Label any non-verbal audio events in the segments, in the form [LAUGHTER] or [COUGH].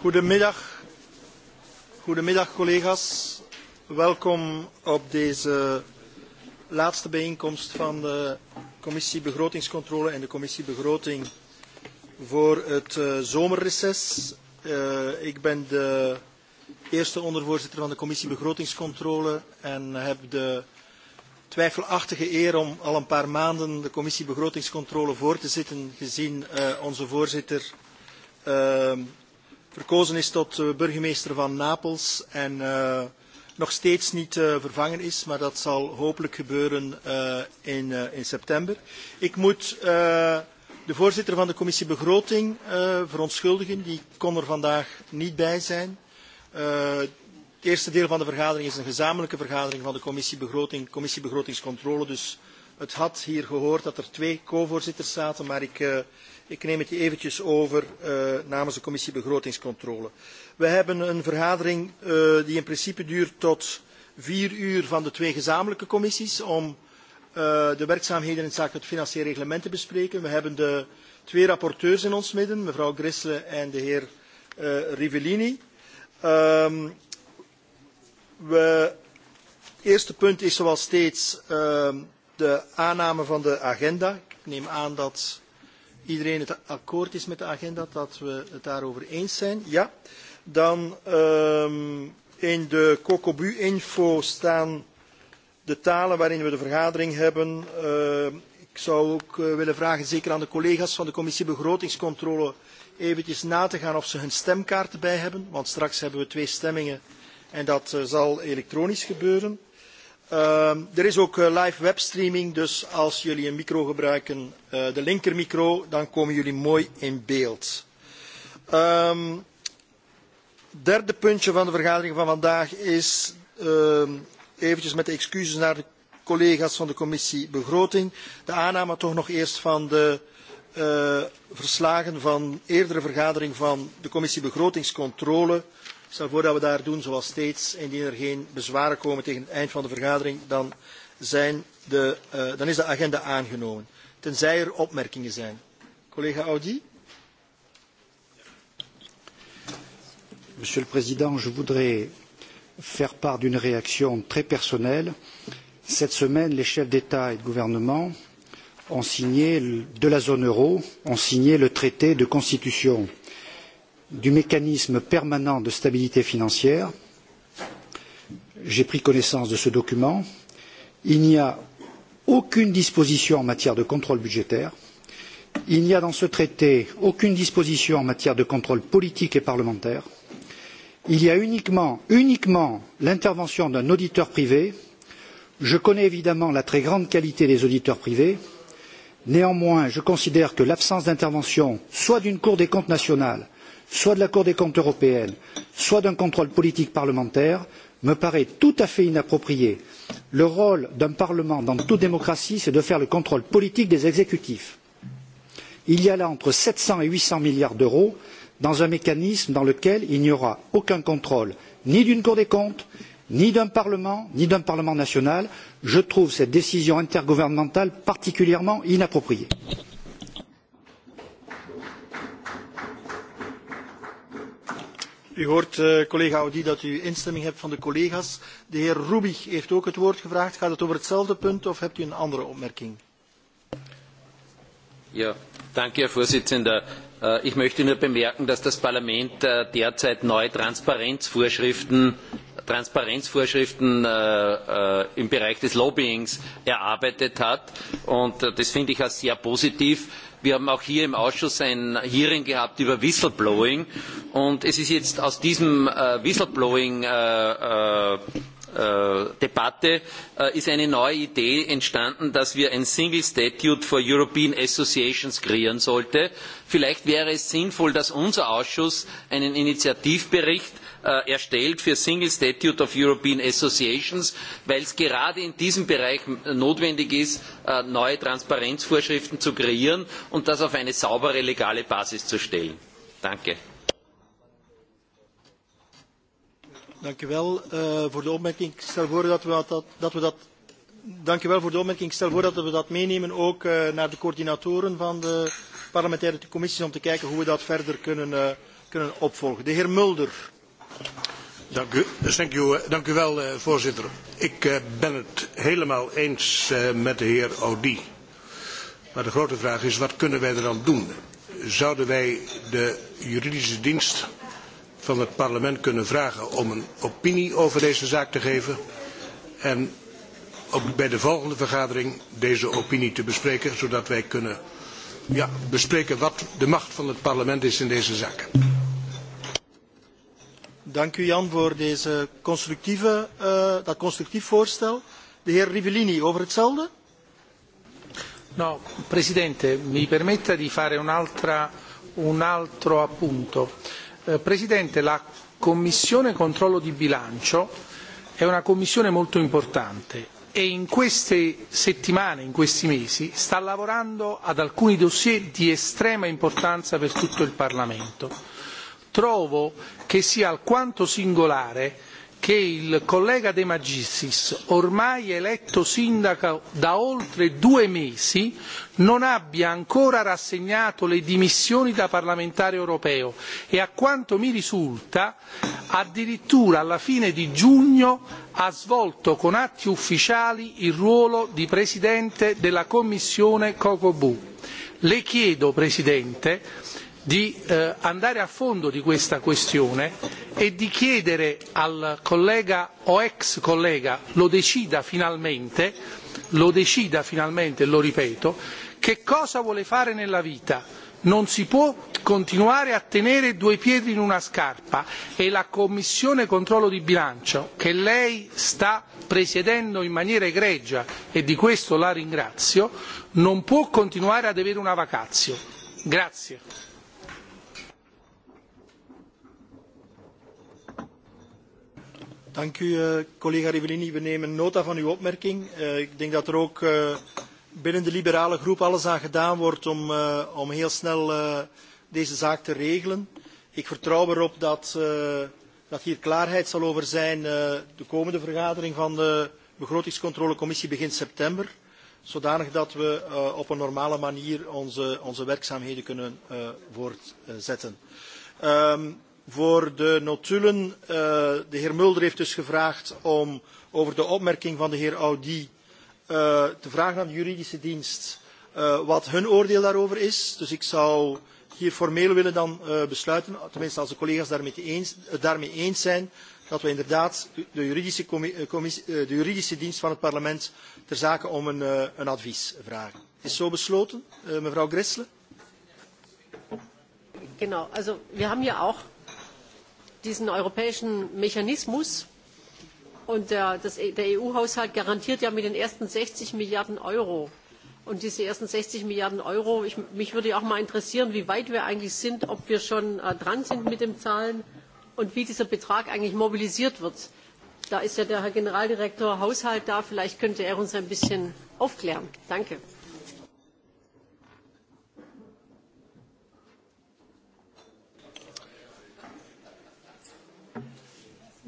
Goedemiddag. Goedemiddag collega's. Welkom op deze laatste bijeenkomst van de Commissie Begrotingscontrole en de Commissie Begroting voor het uh, zomerreces. Uh, ik ben de eerste ondervoorzitter van de Commissie Begrotingscontrole en heb de twijfelachtige eer om al een paar maanden de Commissie Begrotingscontrole voor te zitten, gezien uh, onze voorzitter uh, verkozen is tot eh, burgemeester van Napels en uh, nog steeds niet uh, vervangen is, maar dat zal hopelijk gebeuren uh, in, uh, in september. Ik moet uh, de voorzitter van de commissie begroting uh, verontschuldigen, die kon er vandaag niet bij zijn. Uh, het eerste deel van de vergadering is een gezamenlijke vergadering van de commissie begroting, commissie begrotingscontrole, dus het had hier gehoord dat er twee co-voorzitters zaten, maar ik, uh, ik neem het eventjes over uh, namens de commissie begrotingscontrole. We hebben een vergadering uh, die in principe duurt tot vier uur van de twee gezamenlijke commissies om uh, de werkzaamheden in zaken het financieel reglement te bespreken. We hebben de twee rapporteurs in ons midden, mevrouw Grissle en de heer uh, Rivellini. Um, we, het eerste punt is zoals steeds um, de aanname van de agenda. Ik neem aan dat iedereen het akkoord is met de agenda, dat we het daarover eens zijn. Ja. Dan um, in de Cocobu-info staan de talen waarin we de vergadering hebben. Uh, ik zou ook uh, willen vragen, zeker aan de collega's van de commissie begrotingscontrole, eventjes na te gaan of ze hun stemkaarten bij hebben. Want straks hebben we twee stemmingen en dat uh, zal elektronisch gebeuren. Um, er is ook uh, live webstreaming, dus als jullie een micro gebruiken, uh, de linkermicro, dan komen jullie mooi in beeld. Um, derde puntje van de vergadering van vandaag is, um, eventjes met de excuses naar de collega's van de commissie begroting, de aanname toch nog eerst van de uh, verslagen van eerdere vergadering van de commissie begrotingscontrole uh, stel voor dat we daar doen zoals steeds. Indien er geen bezwaren komen tegen het eind van de vergadering, dan, zijn de, uh, dan is de agenda aangenomen. Tenzij er opmerkingen zijn. Collega Audi. Monsieur le Président, je voudrais faire part d'une réaction très personnelle. Cette semaine, les chefs d'État et de gouvernement ont signé, de la zone euro ont signé le traité de constitution du mécanisme permanent de stabilité financière. J'ai pris connaissance de ce document. Il n'y a aucune disposition en matière de contrôle budgétaire. Il n'y a dans ce traité aucune disposition en matière de contrôle politique et parlementaire. Il y a uniquement, uniquement l'intervention d'un auditeur privé. Je connais évidemment la très grande qualité des auditeurs privés. Néanmoins, je considère que l'absence d'intervention, soit d'une Cour des comptes nationale, soit de la Cour des comptes européenne, soit d'un contrôle politique parlementaire, me paraît tout à fait inapproprié. Le rôle d'un Parlement dans toute démocratie, c'est de faire le contrôle politique des exécutifs. Il y a là entre 700 et 800 milliards d'euros dans un mécanisme dans lequel il n'y aura aucun contrôle, ni d'une Cour des comptes, ni d'un Parlement, ni d'un Parlement national. Je trouve cette décision intergouvernementale particulièrement inappropriée. U hoort, uh, collega Audi, dat u instemming hebt van de collega's. De heer Rubig heeft ook het woord gevraagd. Gaat het over hetzelfde punt of hebt u een andere opmerking? Ja, Danke, Herr Vorsitzender. Äh, ich möchte nur bemerken, dass das Parlament äh, derzeit neue Transparenzvorschriften, Transparenzvorschriften äh, äh, im Bereich des Lobbyings erarbeitet hat. Und das finde ich als sehr positiv. Wir haben auch hier im Ausschuss ein Hearing gehabt über Whistleblowing. Und es ist jetzt aus diesem äh, Whistleblowing äh, äh, Äh, Debatte äh, ist eine neue Idee entstanden, dass wir ein Single Statute for European Associations kreieren sollten. Vielleicht wäre es sinnvoll, dass unser Ausschuss einen Initiativbericht äh, erstellt für Single Statute of European Associations, weil es gerade in diesem Bereich notwendig ist, äh, neue Transparenzvorschriften zu kreieren und das auf eine saubere legale Basis zu stellen. Danke. Dank u wel uh, voor de opmerking. Ik stel voor dat we dat, dat, we dat Dank u wel voor de opmerking. Ik stel voor dat we dat meenemen ook uh, naar de coördinatoren van de parlementaire commissies om te kijken hoe we dat verder kunnen, uh, kunnen opvolgen. De heer Mulder. Dank u, thank you, uh, dank u wel, uh, voorzitter. Ik uh, ben het helemaal eens uh, met de heer Audi. Maar de grote vraag is, wat kunnen wij er dan doen? Zouden wij de juridische dienst van het parlement kunnen vragen om een opinie over deze zaak te geven en ook bij de volgende vergadering deze opinie te bespreken, zodat wij kunnen ja, bespreken wat de macht van het parlement is in deze zaak. Dank u Jan voor deze constructieve, uh, dat constructief voorstel. De heer Rivellini, over hetzelfde? No, Presidente, mi permetta di fare un'altra, un altro appunto Eh, Presidente, la Commissione Controllo di Bilancio è una commissione molto importante e in queste settimane, in questi mesi, sta lavorando ad alcuni dossier di estrema importanza per tutto il Parlamento. Trovo che sia alquanto singolare che il collega De Magistris, ormai eletto sindaco da oltre due mesi, non abbia ancora rassegnato le dimissioni da parlamentare europeo e, a quanto mi risulta, addirittura alla fine di giugno ha svolto con atti ufficiali il ruolo di Presidente della Commissione Cocobu. Le chiedo, Presidente, di eh, andare a fondo di questa questione e di chiedere al collega o ex collega lo decida finalmente lo decida finalmente lo ripeto che cosa vuole fare nella vita non si può continuare a tenere due piedi in una scarpa e la commissione controllo di bilancio che lei sta presiedendo in maniera egregia e di questo la ringrazio non può continuare ad avere una vacazio. grazie. Dank u, uh, collega Rivellini. We nemen nota van uw opmerking. Uh, ik denk dat er ook uh, binnen de liberale groep alles aan gedaan wordt om, uh, om heel snel uh, deze zaak te regelen. Ik vertrouw erop dat, uh, dat hier klaarheid zal over zijn. Uh, de komende vergadering van de begrotingscontrolecommissie begin september. Zodanig dat we uh, op een normale manier onze, onze werkzaamheden kunnen uh, voortzetten. Um, voor de notulen. Uh, de heer Mulder heeft dus gevraagd om over de opmerking van de heer Audi uh, te vragen aan de juridische dienst uh, wat hun oordeel daarover is. Dus ik zou hier formeel willen dan uh, besluiten, tenminste als de collega's daarmee eens, uh, daarmee eens zijn, dat we inderdaad de juridische, commissie, de juridische dienst van het parlement ter zake om een, uh, een advies vragen. Is zo besloten, uh, mevrouw Gressle? Genau, also wir haben ja auch diesen europäischen Mechanismus und der, das, e-, der EU-Haushalt garantiert ja mit den ersten 60 Milliarden Euro. Und diese ersten 60 Milliarden Euro, ich, mich würde ja auch mal interessieren, wie weit wir eigentlich sind, ob wir schon äh, dran sind mit den Zahlen und wie dieser Betrag eigentlich mobilisiert wird. Da ist ja der Herr Generaldirektor Haushalt da, vielleicht könnte er uns ein bisschen aufklären. Danke.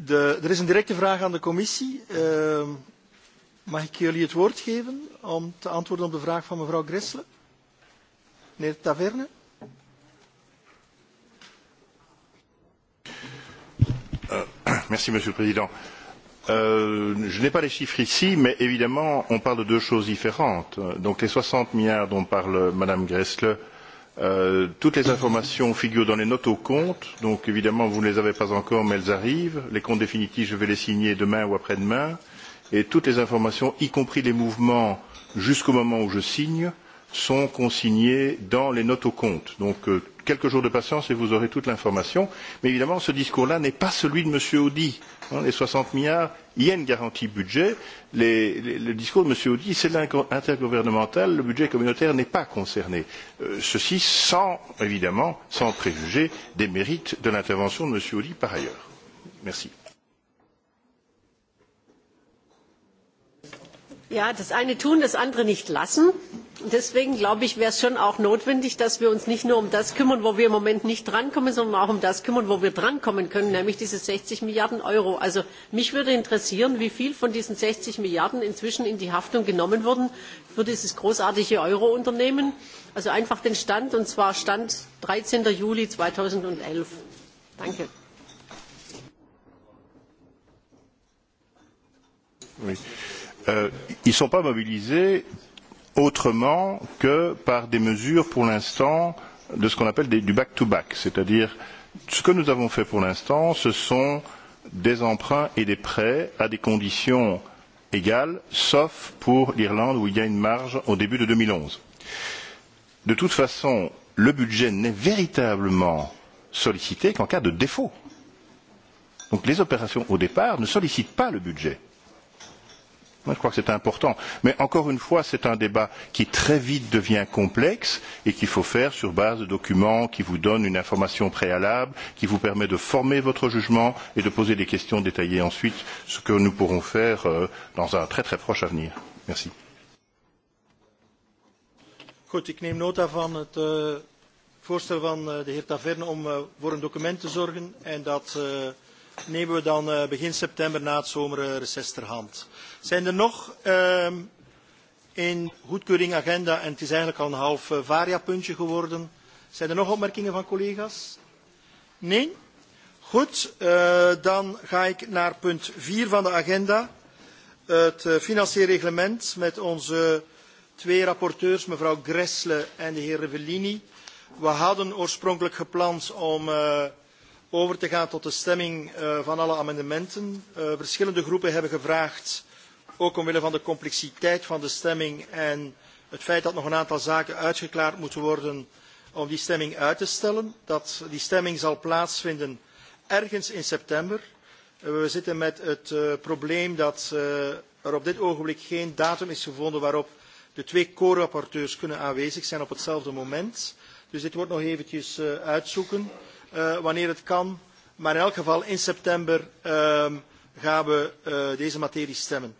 De, er is een directe vraag aan de commissie. Uh, mag ik jullie het woord geven om te antwoorden op de vraag van mevrouw Gressle? Meneer Taverne? Euh, [CLEARS THROAT] merci, Monsieur le Président. Euh, je n'ai pas les chiffres ici, mais évidemment, on parle de deux choses différentes. Donc les 60 milliards dont parle Madame Gressle euh, Euh, toutes les informations figurent dans les notes aux comptes, donc évidemment vous ne les avez pas encore, mais elles arrivent. Les comptes définitifs, je vais les signer demain ou après-demain. Et toutes les informations, y compris les mouvements jusqu'au moment où je signe, sont consignées dans les notes aux comptes. Donc euh, quelques jours de patience et vous aurez toute l'information. Mais évidemment, ce discours-là n'est pas celui de M. Audi. Hein, les 60 milliards, il y a une garantie budget. Les, les, le discours de M. Audi, c'est l'intergouvernemental. Le budget communautaire n'est pas concerné. Euh, ceci sans, évidemment, sans préjuger des mérites de l'intervention de M. Audi par ailleurs. Merci. Ja, das eine tun, das andere nicht lassen. Deswegen glaube ich, wäre es schon auch notwendig, dass wir uns nicht nur um das kümmern, wo wir im Moment nicht drankommen, sondern auch um das kümmern, wo wir drankommen können, nämlich diese 60 Milliarden Euro. Also mich würde interessieren, wie viel von diesen 60 Milliarden inzwischen in die Haftung genommen wurden für dieses großartige Euro-Unternehmen. Also einfach den Stand, und zwar Stand 13. Juli 2011. Danke. Oui euh, ils ne sont pas mobilisés autrement que par des mesures pour l'instant de ce qu'on appelle des, du back-to-back, c'est-à-dire ce que nous avons fait pour l'instant, ce sont des emprunts et des prêts à des conditions égales, sauf pour l'Irlande où il y a une marge au début de 2011. De toute façon, le budget n'est véritablement sollicité qu'en cas de défaut. Donc les opérations au départ ne sollicitent pas le budget. Moi, je crois que c'est important. Mais encore une fois, c'est un débat qui très vite devient complexe et qu'il faut faire sur base de documents qui vous donnent une information préalable, qui vous permet de former votre jugement et de poser des questions détaillées ensuite, ce que nous pourrons faire euh, dans un très très proche avenir. Merci. Goed, ik neem nota van het uh, voorstel van uh, de heer Taverne om uh, voor een document te zorgen en dat uh, nemen we dan uh, begin september na het zomerreces eh, ter hand. Zijn er nog uh, in goedkeuring agenda, en het is eigenlijk al een half uh, varia-puntje geworden, zijn er nog opmerkingen van collega's? Nee? Goed, uh, dan ga ik naar punt 4 van de agenda. Het uh, financieel reglement met onze twee rapporteurs, mevrouw Gressle en de heer Revellini. We hadden oorspronkelijk gepland om... Uh, over te gaan tot de stemming uh, van alle amendementen. Uh, verschillende groepen hebben gevraagd, ook omwille van de complexiteit van de stemming en het feit dat nog een aantal zaken uitgeklaard moeten worden, om die stemming uit te stellen. Dat, die stemming zal plaatsvinden ergens in september. Uh, we zitten met het uh, probleem dat uh, er op dit ogenblik geen datum is gevonden waarop de twee co-rapporteurs kunnen aanwezig zijn op hetzelfde moment. Dus dit wordt nog eventjes uh, uitzoeken uh, wanneer het kan. Maar in elk geval in september uh, gaan we uh, deze materie stemmen.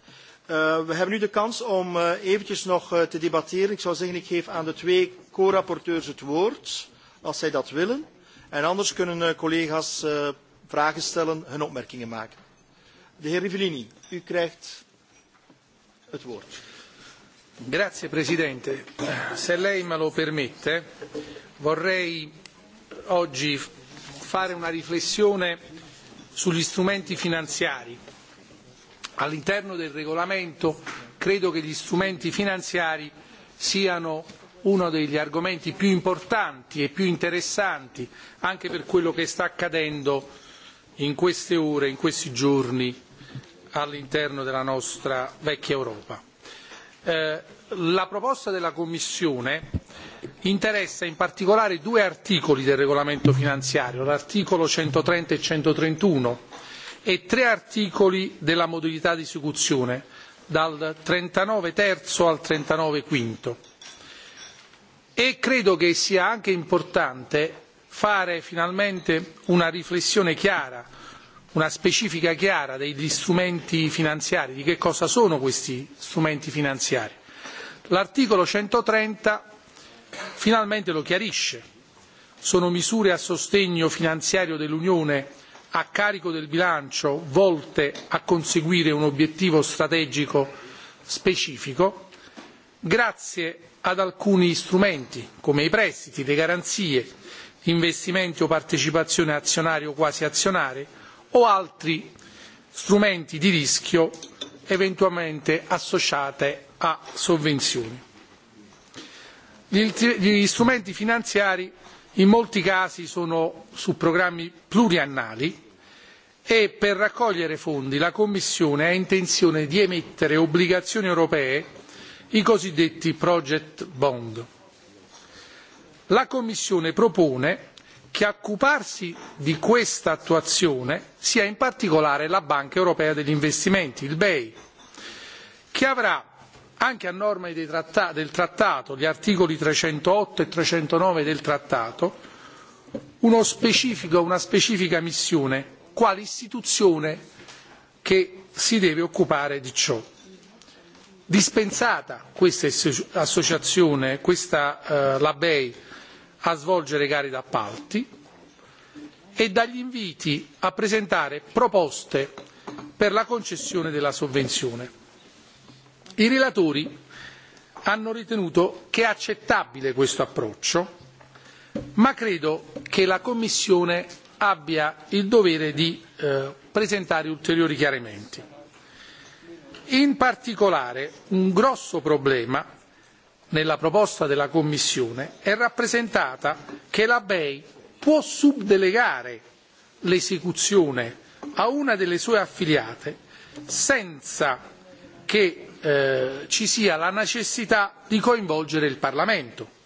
Uh, we hebben nu de kans om uh, eventjes nog uh, te debatteren. Ik zou zeggen, ik geef aan de twee co-rapporteurs het woord, als zij dat willen. En anders kunnen uh, collega's uh, vragen stellen, hun opmerkingen maken. De heer Rivellini, u krijgt het woord. Grazie Presidente. Se lei me lo permette, vorrei oggi fare una riflessione sugli strumenti finanziari. All'interno del regolamento credo che gli strumenti finanziari siano uno degli argomenti più importanti e più interessanti anche per quello che sta accadendo in queste ore, in questi giorni all'interno della nostra vecchia Europa. Eh, la proposta della commissione interessa in particolare due articoli del regolamento finanziario l'articolo centotrenta e centotrentuno e tre articoli della modalità di esecuzione dal trentanove terzo al trentanove quinto e credo che sia anche importante fare finalmente una riflessione chiara una specifica chiara degli strumenti finanziari di che cosa sono questi strumenti finanziari l'articolo centotrenta finalmente lo chiarisce sono misure a sostegno finanziario dell'unione a carico del bilancio volte a conseguire un obiettivo strategico specifico grazie ad alcuni strumenti come i prestiti le garanzie investimenti o partecipazioni azionarie o quasi azionarie o altri strumenti di rischio eventualmente associate a sovvenzioni. Gli strumenti finanziari in molti casi sono su programmi pluriannali e per raccogliere fondi la Commissione ha intenzione di emettere obbligazioni europee, i cosiddetti project bond. La Commissione propone che a occuparsi di questa attuazione sia in particolare la Banca europea degli investimenti, il BEI, che avrà anche a norma tratta del trattato gli articoli trecentotto e trecentonove del trattato uno specifico, una specifica missione quale istituzione che si deve occupare di ciò. dispensata questa associazione questa eh, la bei a svolgere gare d'appalti e dagli inviti a presentare proposte per la concessione della sovvenzione i relatori hanno ritenuto che è accettabile questo approccio ma credo che la commissione abbia il dovere di eh, presentare ulteriori chiarimenti. in particolare un grosso problema nella proposta della commissione è rappresentata che la bei può subdelegare l'esecuzione a una delle sue affiliate senza che eh, ci sia la necessità di coinvolgere il Parlamento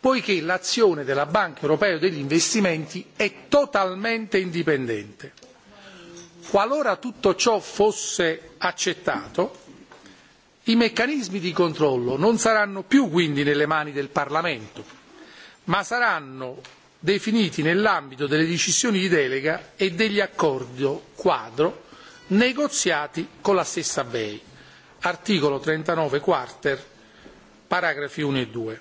poiché l'azione della Banca europea degli investimenti è totalmente indipendente. Qualora tutto ciò fosse accettato, i meccanismi di controllo non saranno più quindi nelle mani del Parlamento, ma saranno definiti nell'ambito delle decisioni di delega e degli accordi quadro negoziati con la stessa bei articolo 39 quarter, paragrafi 1 e 2.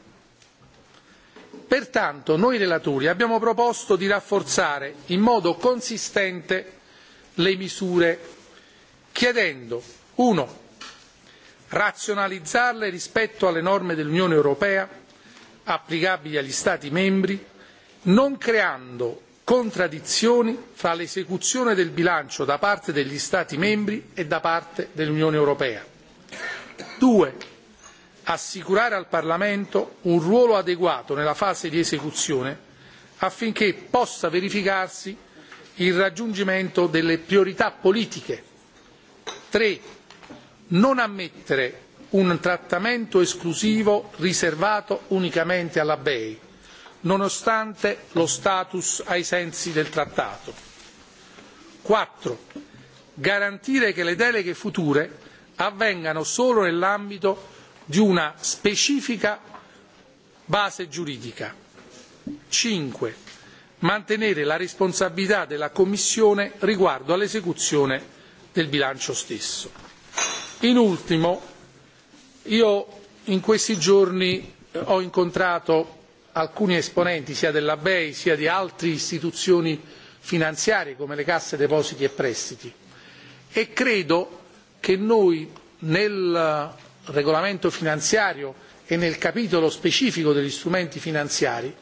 Pertanto noi relatori abbiamo proposto di rafforzare in modo consistente le misure chiedendo 1 razionalizzarle rispetto alle norme dell'Unione europea applicabili agli Stati membri, non creando contraddizioni fra l'esecuzione del bilancio da parte degli Stati membri e da parte dell'Unione europea due assicurare al parlamento un ruolo adeguato nella fase di esecuzione affinché possa verificarsi il raggiungimento delle priorità politiche; tre non ammettere un trattamento esclusivo riservato unicamente alla bei nonostante lo status ai sensi del trattato; quattro garantire che le deleghe future avvengano solo nell'ambito di una specifica base giuridica. cinque mantenere la responsabilità della commissione riguardo all'esecuzione del bilancio stesso. in ultimo io in questi giorni eh, ho incontrato alcuni esponenti sia della bei sia di altre istituzioni finanziarie come le casse depositi e prestiti e credo che noi nel regolamento finanziario e nel capitolo specifico degli strumenti finanziari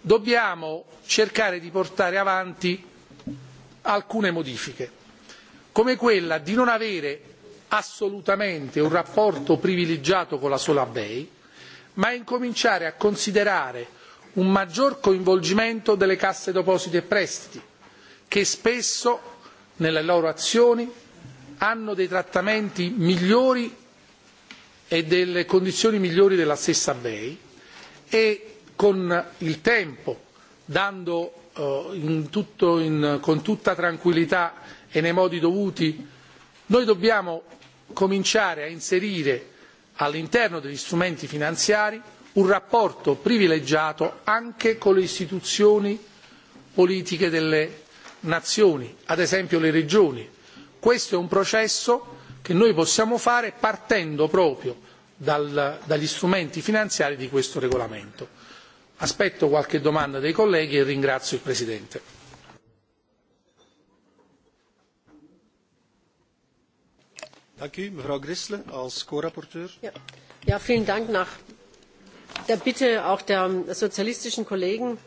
dobbiamo cercare di portare avanti alcune modifiche come quella di non avere assolutamente un rapporto privilegiato con la sola bei ma incominciare a considerare un maggior coinvolgimento delle casse depositi e prestiti che spesso nelle loro azioni hanno dei trattamenti migliori e delle condizioni migliori della stessa bei e con il tempo dando eh, in tutto, in, con tutta tranquillità e nei modi dovuti noi dobbiamo cominciare a inserire all'interno degli strumenti finanziari un rapporto privilegiato anche con le istituzioni politiche delle nazioni ad esempio le regioni questo è un processo che noi possiamo fare partendo proprio dal, dagli strumenti finanziari di questo regolamento. Aspetto qualche domanda dei colleghi e ringrazio il Presidente. Dank u, mevrouw Grisle, als co-rapporteur. Ja. ja, vielen Dank nach der Bitte auch der sozialistischen Kollegen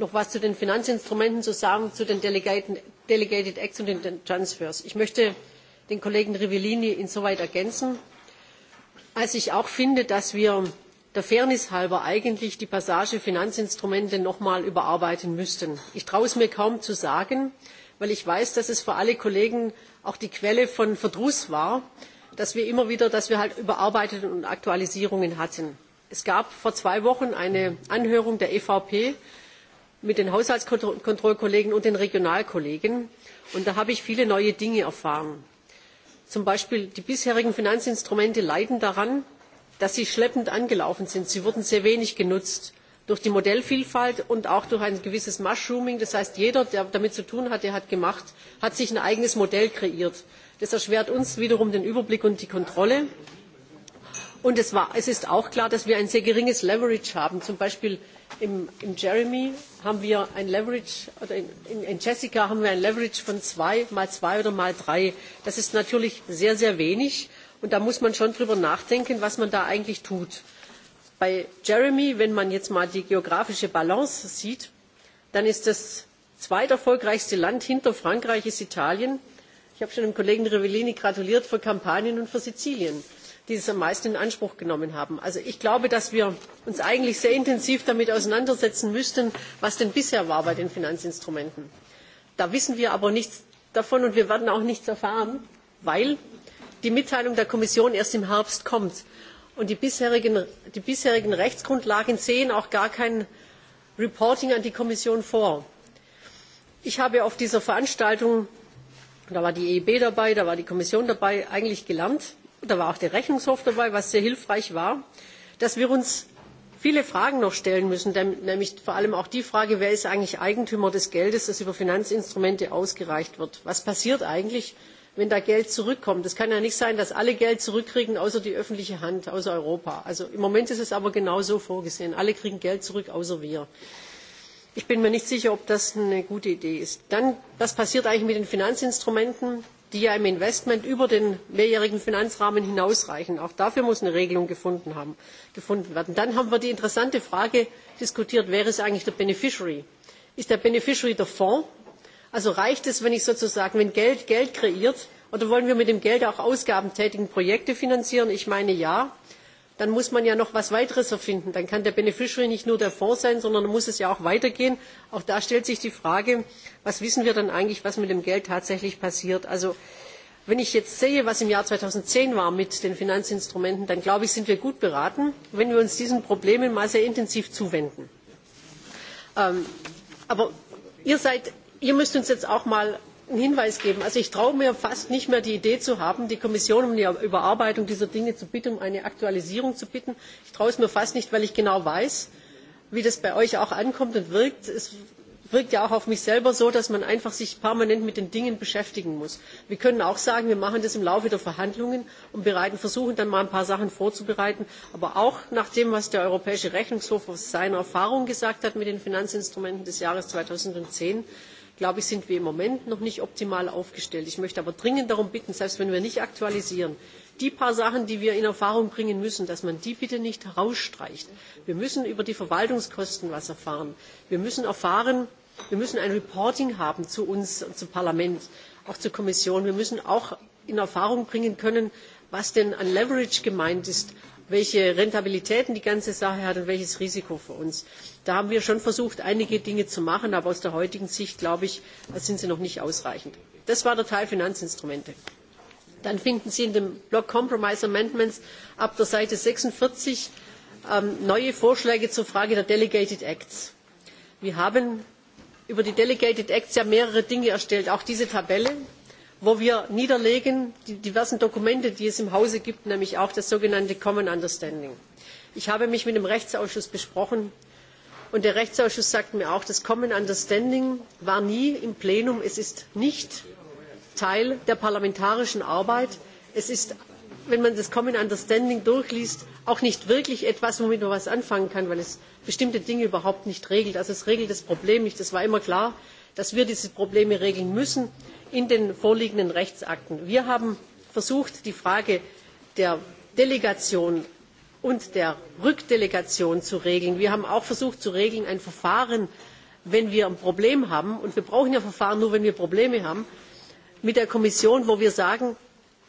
noch etwas zu den finanzinstrumenten zu sagen zu den delegated acts und den transfers. ich möchte den kollegen rivellini insoweit ergänzen als ich auch finde dass wir der fairness halber eigentlich die passage finanzinstrumente noch einmal überarbeiten müssten. ich traue es mir kaum zu sagen weil ich weiß dass es für alle kollegen auch die quelle von verdruss war dass wir immer wieder überarbeitungen und aktualisierungen hatten. es gab vor zwei wochen eine anhörung der evp mit den haushaltskontrollkollegen und den regionalkollegen und da habe ich viele neue dinge erfahren. zum beispiel die bisherigen finanzinstrumente leiden daran dass sie schleppend angelaufen sind. sie wurden sehr wenig genutzt durch die modellvielfalt und auch durch ein gewisses mushrooming das heißt jeder der damit zu tun hatte hat sich ein eigenes modell kreiert. das erschwert uns wiederum den überblick und die kontrolle. Und es, war, es ist auch klar, dass wir ein sehr geringes Leverage haben. Zum Beispiel im, im Jeremy haben wir ein Leverage, oder in, in, in Jessica haben wir ein Leverage von 2 mal 2 oder mal 3. Das ist natürlich sehr, sehr wenig. Und da muss man schon drüber nachdenken, was man da eigentlich tut. Bei Jeremy, wenn man jetzt mal die geografische Balance sieht, dann ist das zweiterfolgreichste Land hinter Frankreich ist Italien. Ich habe schon dem Kollegen Rivellini gratuliert für Kampanien und für Sizilien die es am meisten in anspruch genommen haben. Also ich glaube, dass wir uns eigentlich sehr intensiv damit auseinandersetzen müssten, was denn bisher war bei den Finanzinstrumenten. Da wissen wir aber nichts davon und wir werden auch nichts erfahren, weil die Mitteilung der Kommission erst im Herbst kommt. Und die bisherigen, die bisherigen Rechtsgrundlagen sehen auch gar kein Reporting an die Kommission vor. Ich habe auf dieser Veranstaltung, da war die EIB e dabei, da war die Kommission dabei, eigentlich gelernt, da war auch der Rechnungshof dabei, was sehr hilfreich war, dass wir uns viele Fragen noch stellen müssen, nämlich vor allem auch die Frage, wer ist eigentlich Eigentümer des Geldes, das über Finanzinstrumente ausgereicht wird? Was passiert eigentlich, wenn da Geld zurückkommt? Es kann ja nicht sein, dass alle Geld zurückkriegen, außer die öffentliche Hand, außer Europa. Also im Moment ist es aber genau so vorgesehen. Alle kriegen Geld zurück, außer wir. Ich bin mir nicht sicher, ob das eine gute Idee ist. Dann, was passiert eigentlich mit den Finanzinstrumenten? die ja im investment über den mehrjährigen finanzrahmen hinausreichen. auch dafür muss eine regelung gefunden, haben, gefunden werden. dann haben wir die interessante frage diskutiert wer ist eigentlich der beneficiary? ist der beneficiary der fonds? also reicht es wenn ich sozusagen wenn geld geld kreiert oder wollen wir mit dem geld auch ausgaben tätigen projekte finanzieren? ich meine ja dann muss man ja noch etwas weiteres erfinden. Dann kann der Beneficiary nicht nur der Fonds sein, sondern muss es ja auch weitergehen. Auch da stellt sich die Frage, was wissen wir denn eigentlich, was mit dem Geld tatsächlich passiert? Also, wenn ich jetzt sehe, was im Jahr 2010 war mit den Finanzinstrumenten, dann glaube ich, sind wir gut beraten, wenn wir uns diesen Problemen mal sehr intensiv zuwenden. Ähm, aber ihr seid, ihr müsst uns jetzt auch mal einen hinweis geben also ich traue mir fast nicht mehr die idee zu haben die kommission um eine überarbeitung dieser dinge zu bitten um eine aktualisierung zu bitten. ich traue es mir fast nicht weil ich genau weiß wie das bei euch auch ankommt und wirkt. es wirkt ja auch auf mich selber so dass man sich einfach permanent mit den dingen beschäftigen muss. wir können auch sagen wir machen das im laufe der verhandlungen und versuchen dann mal ein paar sachen vorzubereiten. aber auch nach dem was der europäische rechnungshof aus seiner erfahrung gesagt hat mit den finanzinstrumenten des jahres zweitausendzehn glaube ich, sind wir im Moment noch nicht optimal aufgestellt. Ich möchte aber dringend darum bitten, selbst wenn wir nicht aktualisieren, die paar Sachen, die wir in Erfahrung bringen müssen, dass man die bitte nicht herausstreicht. Wir müssen über die Verwaltungskosten was erfahren. Wir müssen erfahren, wir müssen ein Reporting haben zu uns, zum Parlament, auch zur Kommission. Wir müssen auch in Erfahrung bringen können, was denn an Leverage gemeint ist welche Rentabilitäten die ganze Sache hat und welches Risiko für uns. Da haben wir schon versucht, einige Dinge zu machen, aber aus der heutigen Sicht, glaube ich, sind sie noch nicht ausreichend. Das war der Teil Finanzinstrumente. Dann finden Sie in dem Block Compromise Amendments ab der Seite 46 ähm, neue Vorschläge zur Frage der Delegated Acts. Wir haben über die Delegated Acts ja mehrere Dinge erstellt, auch diese Tabelle wo wir niederlegen die diversen dokumente die es im hause gibt nämlich auch das sogenannte common understanding. ich habe mich mit dem rechtsausschuss besprochen und der rechtsausschuss sagt mir auch das common understanding war nie im plenum es ist nicht teil der parlamentarischen arbeit es ist wenn man das common understanding durchliest auch nicht wirklich etwas womit man etwas anfangen kann weil es bestimmte dinge überhaupt nicht regelt. also es regelt das problem nicht das war immer klar dass wir diese probleme regeln müssen in den vorliegenden rechtsakten. wir haben versucht die frage der delegation und der rückdelegation zu regeln. wir haben auch versucht zu regeln ein verfahren wenn wir ein problem haben und wir brauchen ja verfahren nur wenn wir probleme haben mit der kommission wo wir sagen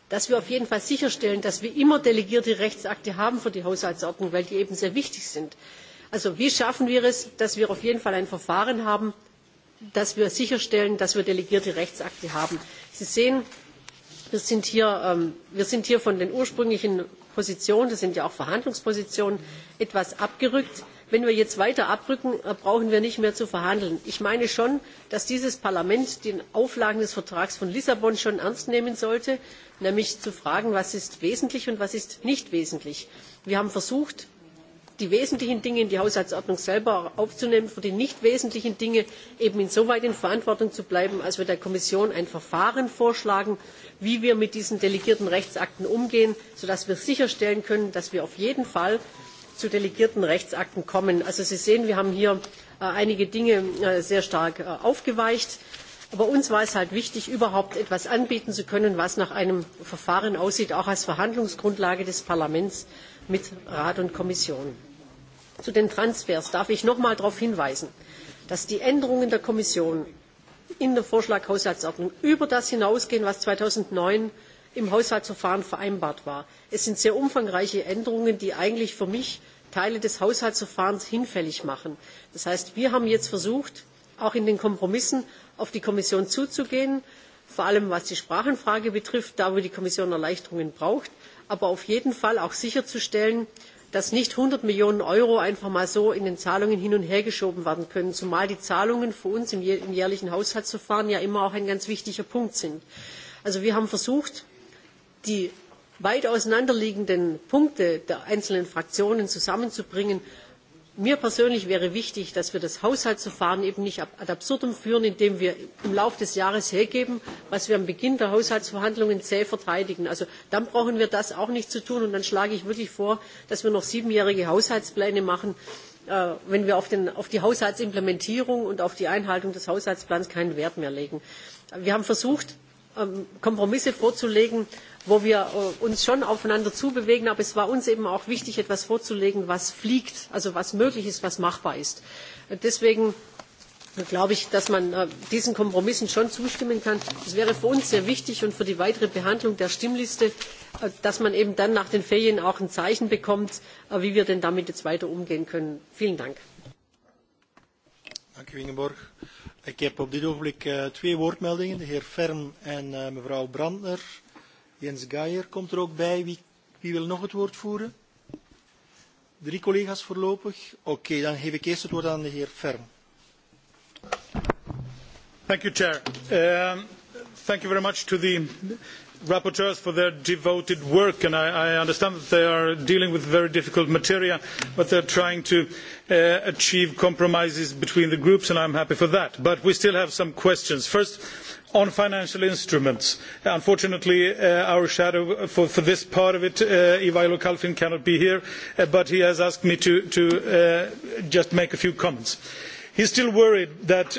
dass wir auf jeden fall sicherstellen dass wir immer delegierte rechtsakte haben für die haushaltsordnung weil die eben sehr wichtig sind. also wie schaffen wir es dass wir auf jeden fall ein verfahren haben dass wir sicherstellen, dass wir delegierte Rechtsakte haben. Sie sehen, wir sind hier, ähm, wir sind hier von den ursprünglichen Positionen, das sind ja auch Verhandlungspositionen, etwas abgerückt. Wenn wir jetzt weiter abrücken, äh, brauchen wir nicht mehr zu verhandeln. Ich meine schon, dass dieses Parlament die Auflagen des Vertrags von Lissabon schon ernst nehmen sollte, nämlich zu fragen, was ist wesentlich und was ist nicht wesentlich. Wir haben versucht, die wesentlichen dinge in die haushaltsordnung selber aufzunehmen für die nicht wesentlichen dinge eben insoweit in verantwortung zu bleiben als wir der kommission ein verfahren vorschlagen wie wir mit diesen delegierten rechtsakten umgehen sodass wir sicherstellen können dass wir auf jeden fall zu delegierten rechtsakten kommen. also sie sehen wir haben hier äh, einige dinge äh, sehr stark äh, aufgeweicht. aber uns war es halt wichtig überhaupt etwas anbieten zu können was nach einem verfahren aussieht auch als verhandlungsgrundlage des parlaments mit rat und kommission. Zu den Transfers darf ich nochmal darauf hinweisen, dass die Änderungen der Kommission in der Vorschlag Haushaltsordnung über das hinausgehen, was 2009 im Haushaltsverfahren vereinbart war. Es sind sehr umfangreiche Änderungen, die eigentlich für mich Teile des Haushaltsverfahrens hinfällig machen. Das heißt, wir haben jetzt versucht, auch in den Kompromissen auf die Kommission zuzugehen, vor allem was die Sprachenfrage betrifft, da wo die Kommission Erleichterungen braucht, aber auf jeden Fall auch sicherzustellen, dass nicht einhundert millionen euro einfach mal so in den zahlungen hin und her geschoben werden können zumal die zahlungen für uns im jährlichen haushaltsverfahren ja immer auch ein ganz wichtiger punkt sind. also wir haben versucht die weit auseinanderliegenden punkte der einzelnen fraktionen zusammenzubringen mir persönlich wäre wichtig, dass wir das Haushaltsverfahren eben nicht ad absurdum führen, indem wir im Laufe des Jahres hergeben, was wir am Beginn der Haushaltsverhandlungen zäh verteidigen. Also dann brauchen wir das auch nicht zu tun. Und dann schlage ich wirklich vor, dass wir noch siebenjährige Haushaltspläne machen, äh, wenn wir auf, den, auf die Haushaltsimplementierung und auf die Einhaltung des Haushaltsplans keinen Wert mehr legen. Wir haben versucht, ähm, Kompromisse vorzulegen, wo wir äh, uns schon aufeinander zubewegen. Aber es war uns eben auch wichtig, etwas vorzulegen, was fliegt, also was möglich ist, was machbar ist. Äh, deswegen äh, glaube ich, dass man äh, diesen Kompromissen schon zustimmen kann. Es wäre für uns sehr wichtig und für die weitere Behandlung der Stimmliste, äh, dass man eben dann nach den Ferien auch ein Zeichen bekommt, äh, wie wir denn damit jetzt weiter umgehen können. Vielen Dank. Dank u, Ingeborg. Ik heb op dit ogenblik uh, twee woordmeldingen, de heer Ferm en uh, mevrouw Brandner. Jens Geijer komt er ook bij. Wie, wie wil nog het woord voeren? Drie collega's voorlopig. Oké, okay, dan geef ik eerst het woord aan de heer Ferm. Thank you, Chair. Um, thank you very much to the rapporteurs for their devoted work and I, I understand that they are dealing with very difficult material but they're trying to uh, achieve compromises between the groups and I'm happy for that. But we still have some questions. First, On financial instruments, unfortunately, uh, our shadow uh, for, for this part of it, uh, Ivailo Kalfin, cannot be here, uh, but he has asked me to, to uh, just make a few comments. He's still worried that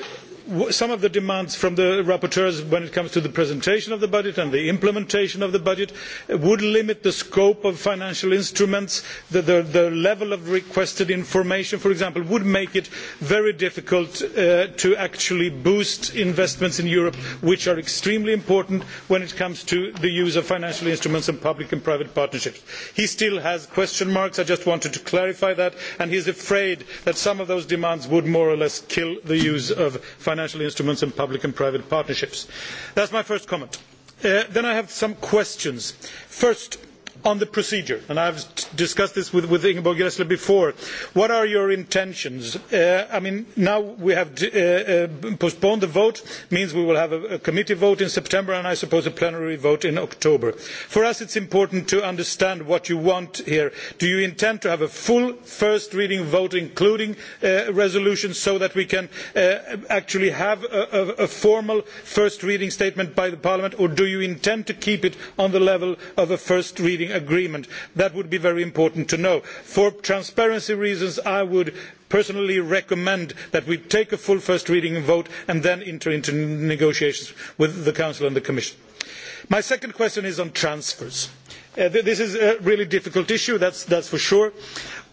some of the demands from the rapporteurs when it comes to the presentation of the budget and the implementation of the budget would limit the scope of financial instruments. The, the, the level of requested information, for example, would make it very difficult uh, to actually boost investments in Europe, which are extremely important when it comes to the use of financial instruments and public and private partnerships. He still has question marks. I just wanted to clarify that. And he's afraid that some of those demands would more or less kill the use of financial financial instruments and public and private partnerships. that is my first comment. Uh, then i have some questions. first on the procedure and i have discussed this with, with ingeborg gressle before what are your intentions? Uh, i mean now we have uh, uh, postponed the vote means we will have a, a committee vote in september and i suppose a plenary vote in october. for us it is important to understand what you want here. do you intend to have a full first reading vote including uh, resolutions so that we can uh, actually have a, a, a formal first reading statement by parliament or do you intend to keep it on the level of a first reading trading agreement. that would be very important to know. for transparency reasons i would personally recommend that we take a full first reading and vote and then enter into negotiations with the council and the commission. my second question is on transfers. Uh, th this is a really difficult issue that's, that's for sure.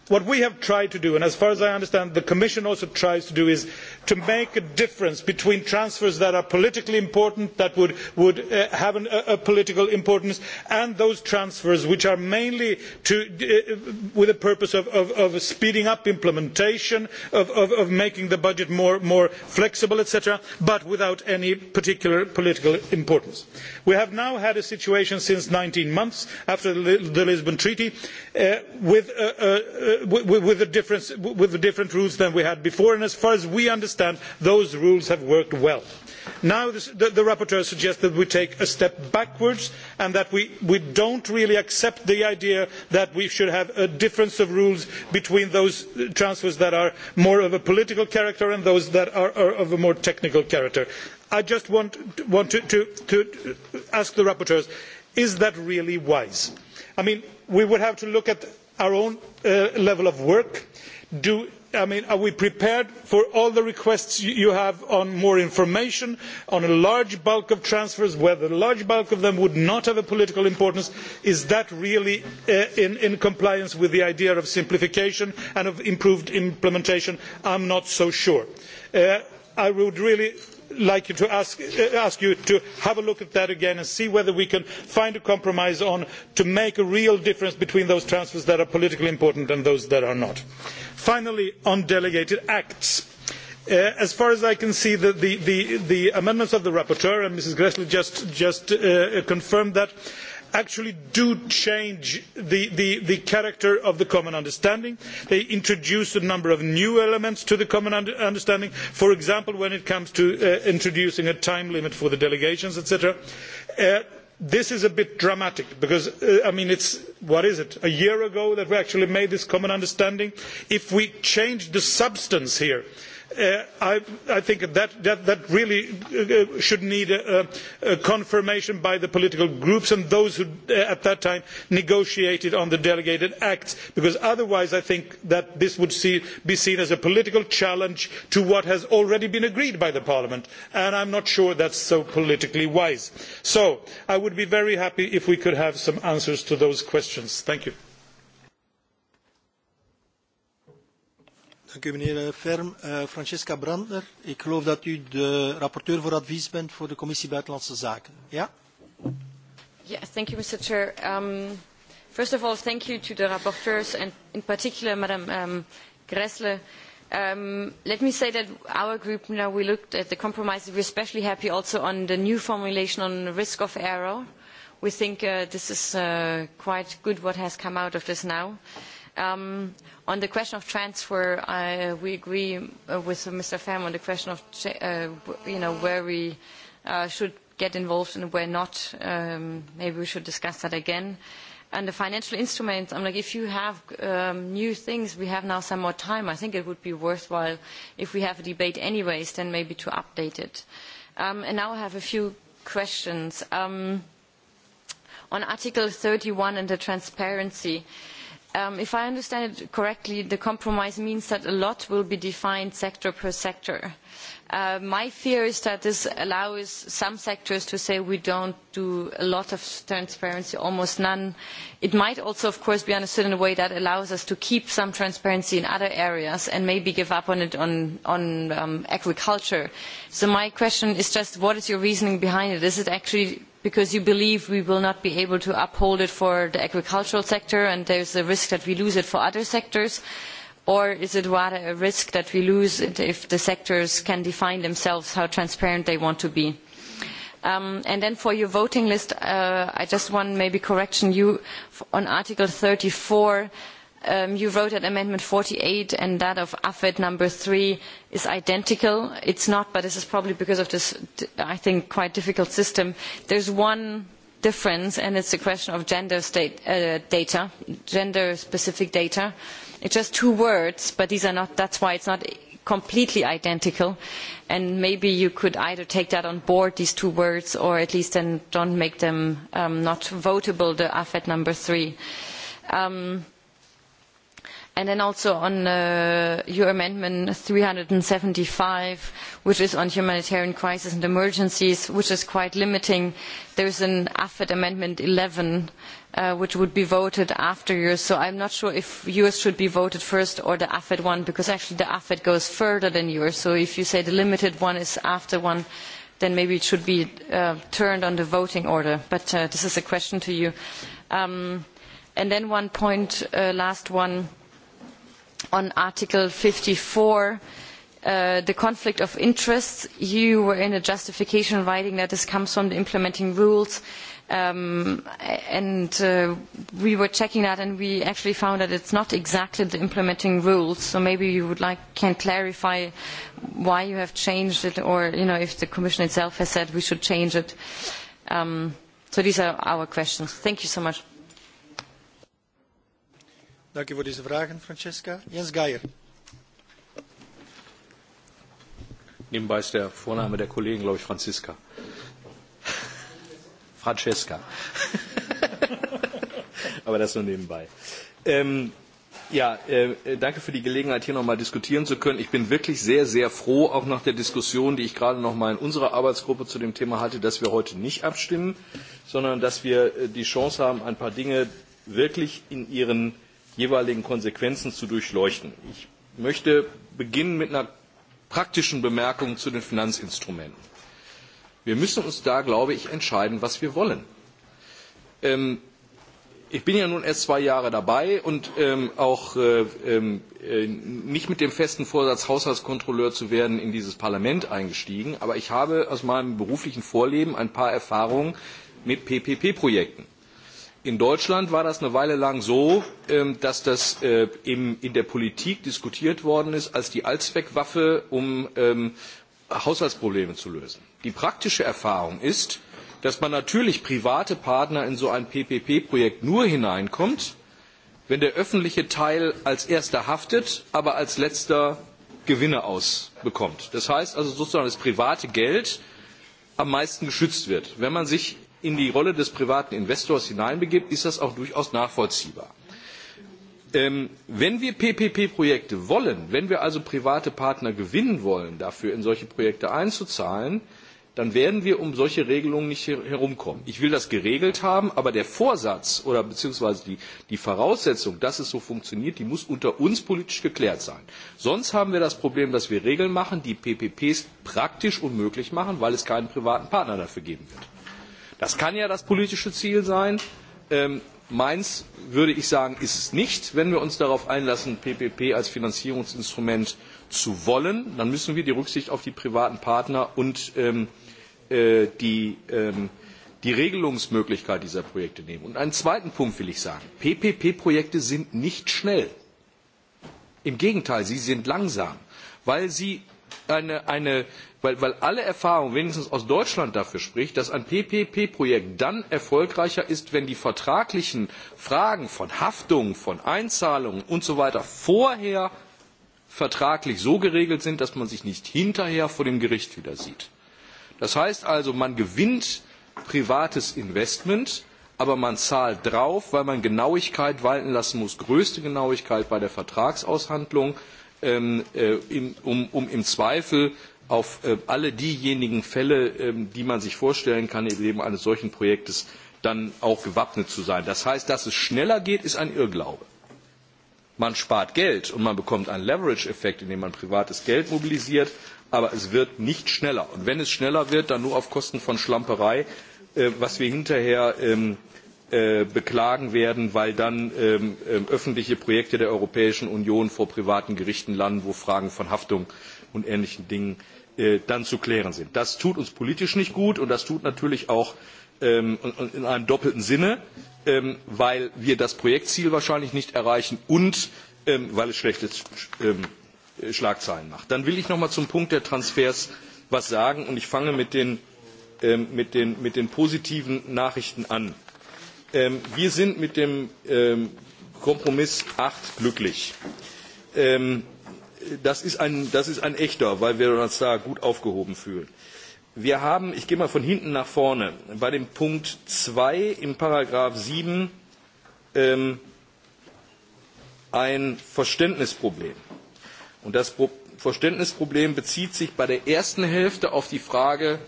what we have tried to do and as far as i understand the commission also tries to do is to make a difference between transfers that are politically important that would, would uh, have an, a, a political importance and those transfers which are mainly to, uh, with the purpose of, of, of speeding up implementation of, of, of making the budget more, more flexible etc but without any particular political importance. we have now had a situation since nineteen months after the, the lisbon treaty uh, with, uh, uh, uh with, with, different, with different rules than we had before and as far as we understand understand those rules have worked well. now the, the, the rapporteur suggests that we take a step backwards and that we, we do not really accept the idea that we should have a difference of rules between those transfers that are more of a political character and those that are, are of a more technical character. i just want, want to, to, to ask the rapporteurs is that really wise? i mean we would have to look at our own uh, level of work do I mean, are we prepared for all the requests you have on more information on a large bulk of transfers whether a large bulk of them would not have a political importance? is that really uh, in, in compliance with the idea of simplification and of improved implementation? i am not so sure. Uh, i would really like to ask, uh, ask you to have a look at that again and see whether we can find a compromise on to make a real difference between those transfers that are politically important and those that are not. finally on delegated acts uh, as far as I can see, the, the, the, the amendments of the rapporteur, and Mrs. Gressler just, just uh, confirmed that, uh, actually do change the, the, the character of the common understanding. They introduce a number of new elements to the common under understanding, for example, when it comes to uh, introducing a time limit for the delegations, etc. Uh, this is a bit dramatic because uh, I mean it's what is it a year ago that we actually made this common understanding if we change the substance here uh, Uh, I, I think that, that, that really uh, uh should need a, a confirmation by the political groups and those who uh, at that time negotiated on the delegated acts because otherwise I think that this would see, be seen as a political challenge to what has already been agreed by the Parliament and I'm not sure that's so politically wise. So I would be very happy if we could have some answers to those questions. Thank you. Dank u meneer eh, Ferm. Uh, Francesca Brandner, ik geloof dat u de rapporteur voor advies bent voor de Commissie Buitenlandse Zaken. Ja? Yes, thank you, Mr. Chair. Um, first of all, thank you to the rapporteurs and in particular Madam um, Gressle. Um, let me say that our group now we looked at the compromises. We're especially happy also on the new formulation on the risk of error. We think uh, this is uh, quite good what has come out of this now. Uh, Um, on the question of transfer, I, we agree uh, with Mr. Pham on the question of uh, you know where we uh, should get involved and where not. Um, maybe we should discuss that again. And the financial instruments, I'm like, if you have um, new things, we have now some more time. I think it would be worthwhile if we have a debate anyways, then maybe to update it. Um, and now I have a few questions. Um, on Article 31 and the transparency, uh, Um, if I understand it correctly, the compromise means that a lot will be defined sector per sector. Uh, my fear is that this allows some sectors to say we don't do a lot of transparency, almost none. It might also, of course, be understood in a way that allows us to keep some transparency in other areas and maybe give up on it on, on um, agriculture. So my question is just what is your reasoning behind it? Is it actually because you believe we will not be able to uphold it for the agricultural sector and there's a risk that we lose it for other sectors? Or is it rather a risk that we lose it if the sectors can define themselves how transparent they want to be? Um, and then for your voting list, uh, I just want maybe correction you on Article 34 um, you wrote that Amendment 48 and that of AFED number 3 is identical. It's not, but this is probably because of this, I think, quite difficult system. There's one difference, and it's a question of gender state, uh, data, gender-specific data. It's just two words, but these are not, that's why it's not completely identical and maybe you could either take that on board these two words or at least then don't make them um, not votable the afet number three um, and then also on uh, your amendment 375, which is on humanitarian crisis and emergencies, which is quite limiting. There's an AFED amendment 11, uh, which would be voted after yours. So I'm not sure if yours should be voted first or the AFED one, because actually the AFED goes further than yours. So if you say the limited one is after one, then maybe it should be uh, turned on the voting order. But uh, this is a question to you. Um, and then one point, uh, last one on Article 54, uh, the conflict of interests. You were in a justification writing that this comes from the implementing rules. Um, and uh, we were checking that and we actually found that it's not exactly the implementing rules. So maybe you would like, can clarify why you have changed it or, you know, if the Commission itself has said we should change it. Um, so these are our questions. Thank you so much. Dank u voor deze vragen, Francesca. Jens Geier. Nebenbei ist der Vorname der Kollegen, glaube ich, Franziska. Francesca. [LAUGHS] Aber das nur nebenbei. Ähm, ja, äh, danke für die Gelegenheit, hier nochmal diskutieren zu können. Ich bin wirklich sehr, sehr froh, auch nach der Diskussion, die ich gerade nochmal in unserer Arbeitsgruppe zu dem Thema hatte, dass wir heute nicht abstimmen, sondern dass wir äh, die Chance haben, ein paar Dinge wirklich in ihren äh, jeweiligen Konsequenzen zu durchleuchten. Ich möchte beginnen mit einer praktischen Bemerkung zu den Finanzinstrumenten. Wir müssen uns da, glaube ich, entscheiden, was wir wollen. Ähm, ich bin ja nun erst zwei Jahre dabei und ähm, auch äh, ähm, äh, nicht mit dem festen Vorsatz, Haushaltskontrolleur zu werden, in dieses Parlament eingestiegen. Aber ich habe aus meinem beruflichen Vorleben ein paar Erfahrungen mit PPP-Projekten. In Deutschland war das eine Weile lang so, ähm, dass das äh, in der Politik diskutiert worden ist als die Allzweckwaffe, um ähm, Haushaltsprobleme zu lösen. Die praktische Erfahrung ist, dass man natürlich private Partner in so ein PPP-Projekt nur hineinkommt, wenn der öffentliche Teil als erster haftet, aber als letzter Gewinne ausbekommt. Das heißt also sozusagen, das private Geld am meisten geschützt wird. Wenn man sich in die Rolle des privaten Investors hineinbegibt, ist das auch durchaus nachvollziehbar. Ähm, wenn wir PPP-Projekte wollen, wenn wir also private Partner gewinnen wollen, dafür in solche Projekte einzuzahlen, dann werden wir um solche Regelungen nicht her herumkommen. Ich will das geregelt haben, aber der Vorsatz oder beziehungsweise die, die Voraussetzung, dass es so funktioniert, die muss unter uns politisch geklärt sein. Sonst haben wir das Problem, dass wir Regeln machen, die PPPs praktisch unmöglich machen, weil es keinen privaten Partner dafür geben wird. Das kann ja das politische Ziel sein. Ähm, meins, würde ich sagen, ist es nicht. Wenn wir uns darauf einlassen, PPP als Finanzierungsinstrument zu wollen, dann müssen wir die Rücksicht auf die privaten Partner und ähm, äh, die, ähm, die Regelungsmöglichkeit dieser Projekte nehmen. Und einen zweiten Punkt will ich sagen. PPP-Projekte sind nicht schnell. Im Gegenteil, sie sind langsam, weil sie eine, eine, weil, weil alle Erfahrung wenigstens aus Deutschland dafür spricht, dass ein PPP-Projekt dann erfolgreicher ist, wenn die vertraglichen Fragen von Haftung, von Einzahlungen und so weiter vorher vertraglich so geregelt sind, dass man sich nicht hinterher vor dem Gericht wieder sieht. Das heißt also, man gewinnt privates Investment, aber man zahlt drauf, weil man Genauigkeit walten lassen muss, größte Genauigkeit bei der Vertragsaushandlung ähm, äh, im, um, um im Zweifel auf äh, alle diejenigen Fälle, ähm, die man sich vorstellen kann, im Leben eines solchen Projektes dann auch gewappnet zu sein. Das heißt, dass es schneller geht, ist ein Irrglaube. Man spart Geld und man bekommt einen Leverage-Effekt, indem man privates Geld mobilisiert, aber es wird nicht schneller. Und wenn es schneller wird, dann nur auf Kosten von Schlamperei, äh, was wir hinterher ähm, äh, Äh, beklagen werden, weil dann ähm, ähm, öffentliche Projekte der Europäischen Union vor privaten Gerichten landen, wo Fragen von Haftung und ähnlichen Dingen äh, dann zu klären sind. Das tut uns politisch nicht gut und das tut natürlich auch ähm, in einem doppelten Sinne, ähm, weil wir das Projektziel wahrscheinlich nicht erreichen und ähm, weil es schlechte ähm, äh, Schlagzeilen macht. Dann will ich noch mal zum Punkt der Transfers was sagen und ich fange mit den, ähm, mit den, mit den positiven Nachrichten an Ähm, wir sind mit dem ähm, Kompromiss 8 glücklich. Ähm, das, ist ein, das ist ein echter, weil wir uns da gut aufgehoben fühlen. Wir haben, ich gehe mal von hinten nach vorne, bei dem Punkt 2 im Paragraph 7 ähm, ein Verständnisproblem. Und das Pro Verständnisproblem bezieht sich bei der ersten Hälfte auf die Frage,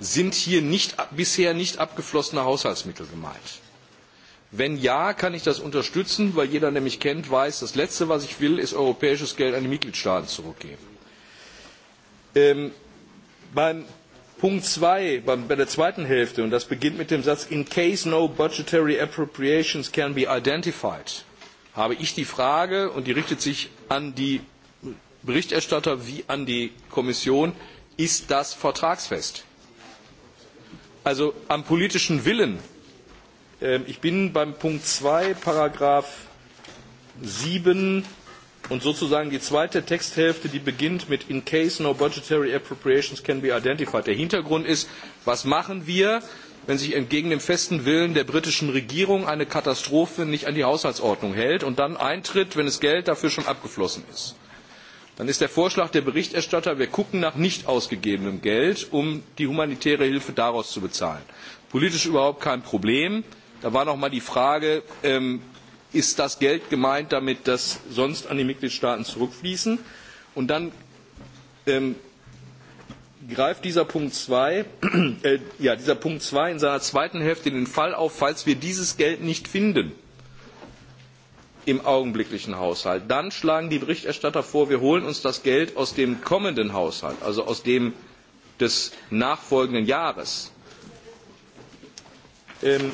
sind hier nicht, bisher nicht abgeflossene Haushaltsmittel gemeint? Wenn ja, kann ich das unterstützen, weil jeder nämlich kennt, weiß, das Letzte, was ich will, ist europäisches Geld an die Mitgliedstaaten zurückgeben. Ähm, beim Punkt 2, bei, bei der zweiten Hälfte, und das beginnt mit dem Satz, in case no budgetary appropriations can be identified, habe ich die Frage, und die richtet sich an die Berichterstatter wie an die Kommission, ist das vertragsfest? Also am politischen Willen Ähm, ich bin beim Punkt 2, Paragraph 7 und sozusagen die zweite Texthälfte, die beginnt mit In case no budgetary appropriations can be identified. Der Hintergrund ist, was machen wir, wenn sich entgegen dem festen Willen der britischen Regierung eine Katastrophe nicht an die Haushaltsordnung hält und dann eintritt, wenn das Geld dafür schon abgeflossen ist? Dann ist der Vorschlag der Berichterstatter, wir gucken nach nicht ausgegebenem Geld, um die humanitäre Hilfe daraus zu bezahlen. Politisch überhaupt kein Problem Da war noch mal die Frage, ähm, ist das Geld gemeint damit, das sonst an die Mitgliedstaaten zurückfließen? Und dann ähm, greift dieser Punkt 2 äh, ja, dieser Punkt 2 in seiner zweiten Hälfte den Fall auf, falls wir dieses Geld nicht finden im augenblicklichen Haushalt, dann schlagen die Berichterstatter vor, wir holen uns das Geld aus dem kommenden Haushalt, also aus dem des nachfolgenden Jahres. Ähm,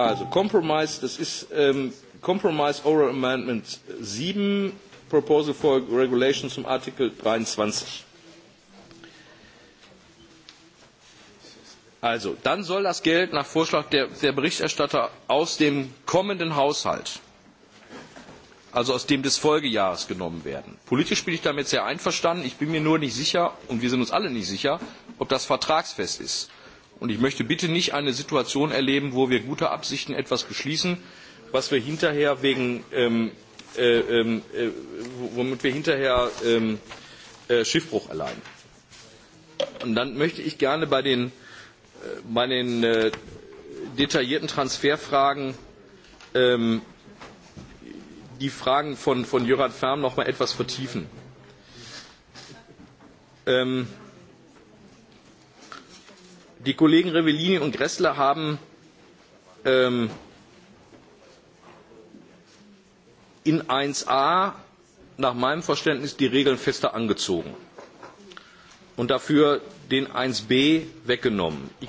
Also Kompromiss, das ist ähm, Kompromiss Oral Amendment 7, Proposal for Regulation zum Artikel 23. Also, dann soll das Geld nach Vorschlag der, der Berichterstatter aus dem kommenden Haushalt, also aus dem des Folgejahres genommen werden. Politisch bin ich damit sehr einverstanden. Ich bin mir nur nicht sicher, und wir sind uns alle nicht sicher, ob das vertragsfest ist. Und ich möchte bitte nicht eine Situation erleben, wo wir gute Absichten etwas beschließen, was wir hinterher wegen, ähm, äh, ähm, äh, womit wir hinterher ähm, äh, Schiffbruch erleiden. Und dann möchte ich gerne bei den, äh, bei den äh, detaillierten Transferfragen ähm, die Fragen von, von Jörg Färm noch mal etwas vertiefen. Ähm, die kollegen rivellini und gräßle haben ähm, in eins a nach meinem verständnis die regeln fester angezogen und dafür den eins b weggenommen. Ich,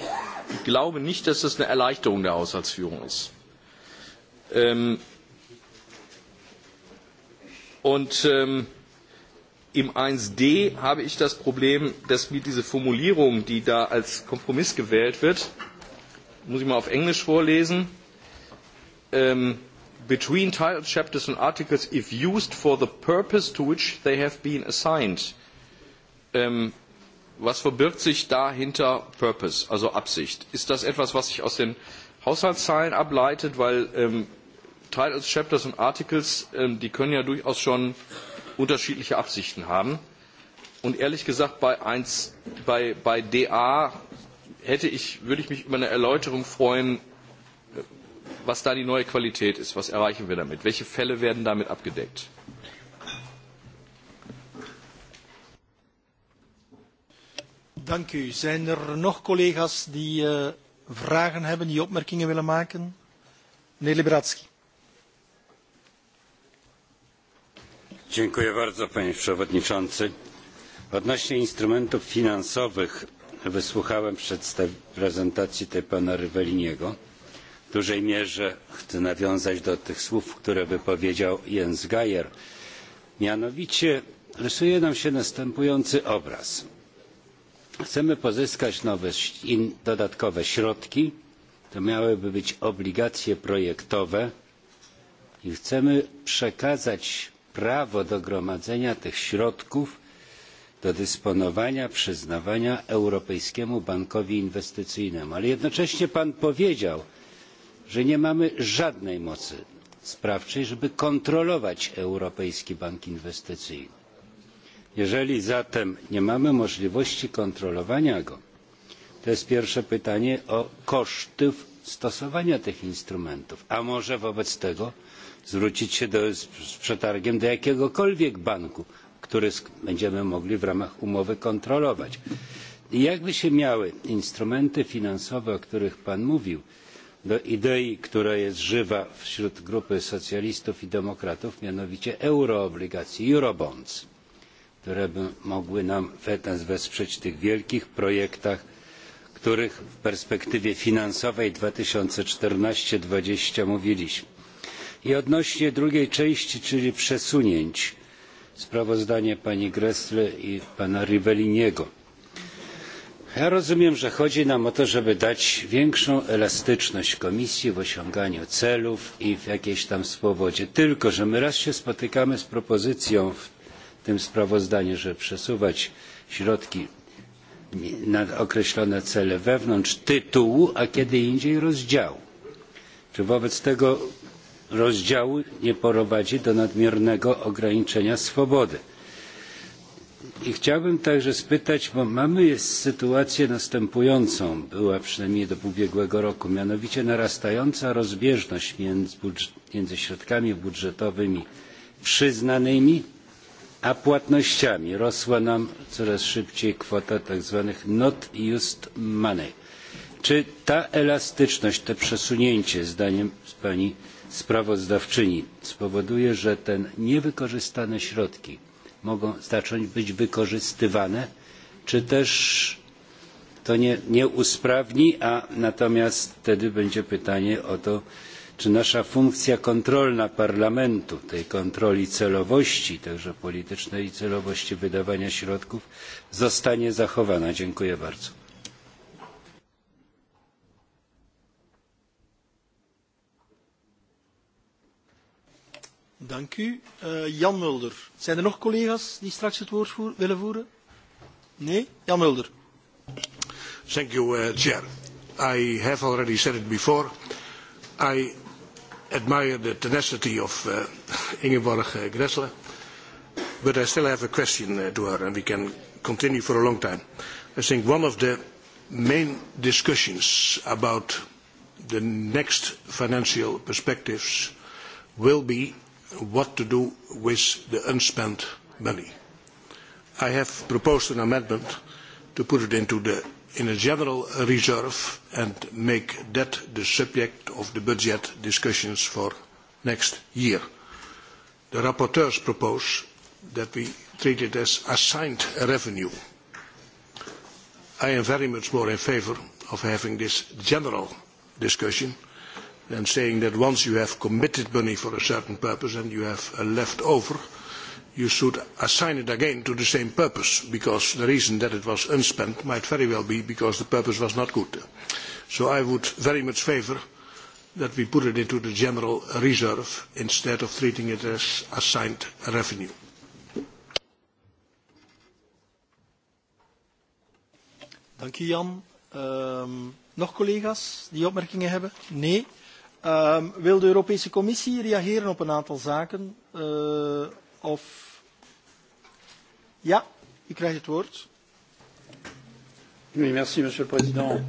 ich glaube nicht dass das eine erleichterung der haushaltsführung ist. Ähm, und ähm, Im 1d habe ich das Problem, dass mir diese Formulierung, die da als Kompromiss gewählt wird, muss ich mal auf Englisch vorlesen, ähm, between title chapters and articles if used for the purpose to which they have been assigned. Ähm, was verbirgt sich da hinter Purpose, also Absicht? Ist das etwas, was sich aus den Haushaltszahlen ableitet, weil ähm, Titles, Chapters und Articles, ähm, die können ja durchaus schon unterschiedliche Absichten haben. Und ehrlich gesagt, bei, 1, bei, bei DA hätte ich, würde ich mich über eine Erläuterung freuen, äh, was da die neue Qualität ist. Was erreichen wir damit? Welche Fälle werden damit abgedeckt? Dank u. Zijn er nog collega's die uh, vragen hebben, die opmerkingen willen maken? Meneer Liberatski. Bardzo, panie przewodniczący! odnośnie do instrumentów finansowych wysłuchałem prezentacji pana rivelliniego. w dużej mierze chcę nawiązać do tych słów które wypowiedział jens geier. mianowicie rysuje nam się następujący obraz chcemy pozyskać nowe dodatkowe środki to miałyby być obligacje projektowe i chcemy przekazać prawo do gromadzenia tych środków do dysponowania przyznawania europejskiemu bankowi inwestycyjnemu ale jednocześnie pan powiedział że nie mamy żadnej mocy sprawczej żeby kontrolować europejski bank inwestycyjny. jeżeli zatem nie mamy możliwości kontrolowania go to jest pierwsze pytanie o koszty stosowania tych instrumentów a może wobec tego zwrócić się do, z przetargiem do jakiegokolwiek banku, który będziemy mogli w ramach umowy kontrolować. I jakby się miały instrumenty finansowe, o których Pan mówił, do idei, która jest żywa wśród grupy socjalistów i demokratów, mianowicie euroobligacji, eurobonds, które by mogły nam nas wesprzeć w tych wielkich projektach, których w perspektywie finansowej 2014-2020 mówiliśmy i odnośnie drugiej części czyli przesunięć sprawozdanie pani grle i pana rivelliniego. ja rozumiem że chodzi nam o to żeby dać większą elastyczność komisji w osiąganiu celów i w jakiejś tam swobodzie tylko że my raz się spotykamy z propozycją w tym sprawozdaniu żeby przesuwać środki na określone cele wewnątrz tytułu a kiedy indziej rozdziału. czy wobec tego rozdziału nie prowadzi do nadmiernego ograniczenia swobody. I chciałbym także spytać, bo mamy sytuację następującą, była przynajmniej do ubiegłego roku, mianowicie narastająca rozbieżność między, między środkami budżetowymi przyznanymi a płatnościami. Rosła nam coraz szybciej kwota tzw. not used money. Czy ta elastyczność, to przesunięcie, zdaniem pani sprawozdawczyni spowoduje że te niewykorzystane środki mogą zacząć być wykorzystywane czy też to nie, nie usprawni a natomiast wtedy będzie pytanie o to czy nasza funkcja kontrolna parlamentu tej kontroli celowości także politycznej celowości wydawania środków zostanie zachowana. dziękuję bardzo. Dank u. Uh, Jan Mulder. Zijn er nog collega's die straks het woord voer, willen voeren? Nee? Jan Mulder. Thank you, uh, Chair. I have already said it before. I admire the tenacity of uh, Ingeborg uh, Gressler, but I still have a question uh, to her, and we can continue for a long time. I think one of the main discussions about the next financial perspectives will be what to do with the unspent money. I have proposed an amendment to put it into the in a general reserve and make that the subject of the budget discussions for next year. The rapporteurs propose that we treat it as assigned revenue. I am very much more in favour of having this general discussion and saying that once you have committed money for a certain purpose and you have a uh, left over, you should assign it again to the same purpose, because the reason that it was unspent might very well be because the purpose was not good. So I would very much favour that we put it into the general reserve instead of treating it as assigned revenue. Dank u Jan. Um, nog collega's die opmerkingen hebben? Nee? Um, wil de Europese Commissie reageren op een aantal zaken? Uh, of... Ja, u krijgt het woord. Oui, merci, Monsieur le Président.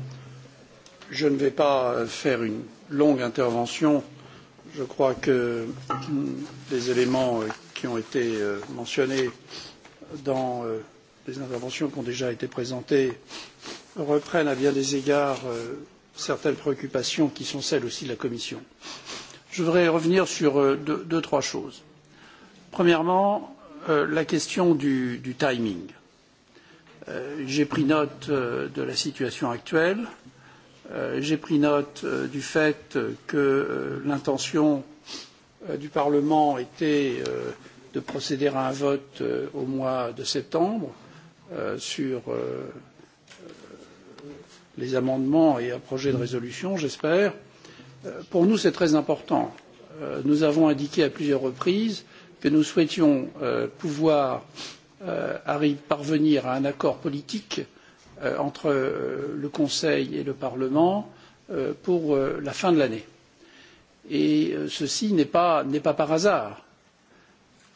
Je ne vais pas euh, faire une longue intervention. Je crois que mm, les éléments euh, qui ont été euh, mentionnés dans les interventions qui ont déjà été présentées reprennent à bien des égards certaines préoccupations qui sont celles aussi de la Commission. Je voudrais revenir sur euh, deux, deux trois choses. Premièrement, euh, la question du, du timing. Euh, J'ai pris note euh, de la situation actuelle. Euh, J'ai pris note euh, du fait euh, que euh, l'intention euh, du Parlement était euh, de procéder à un vote euh, au mois de septembre euh, sur euh, les amendements et un projet de résolution, j'espère. Euh, pour nous, c'est très important. Euh, nous avons indiqué à plusieurs reprises que nous souhaitions euh, pouvoir parvenir à un accord politique entre le Conseil et le Parlement pour la fin de l'année. Et ceci n'est pas, pas par hasard.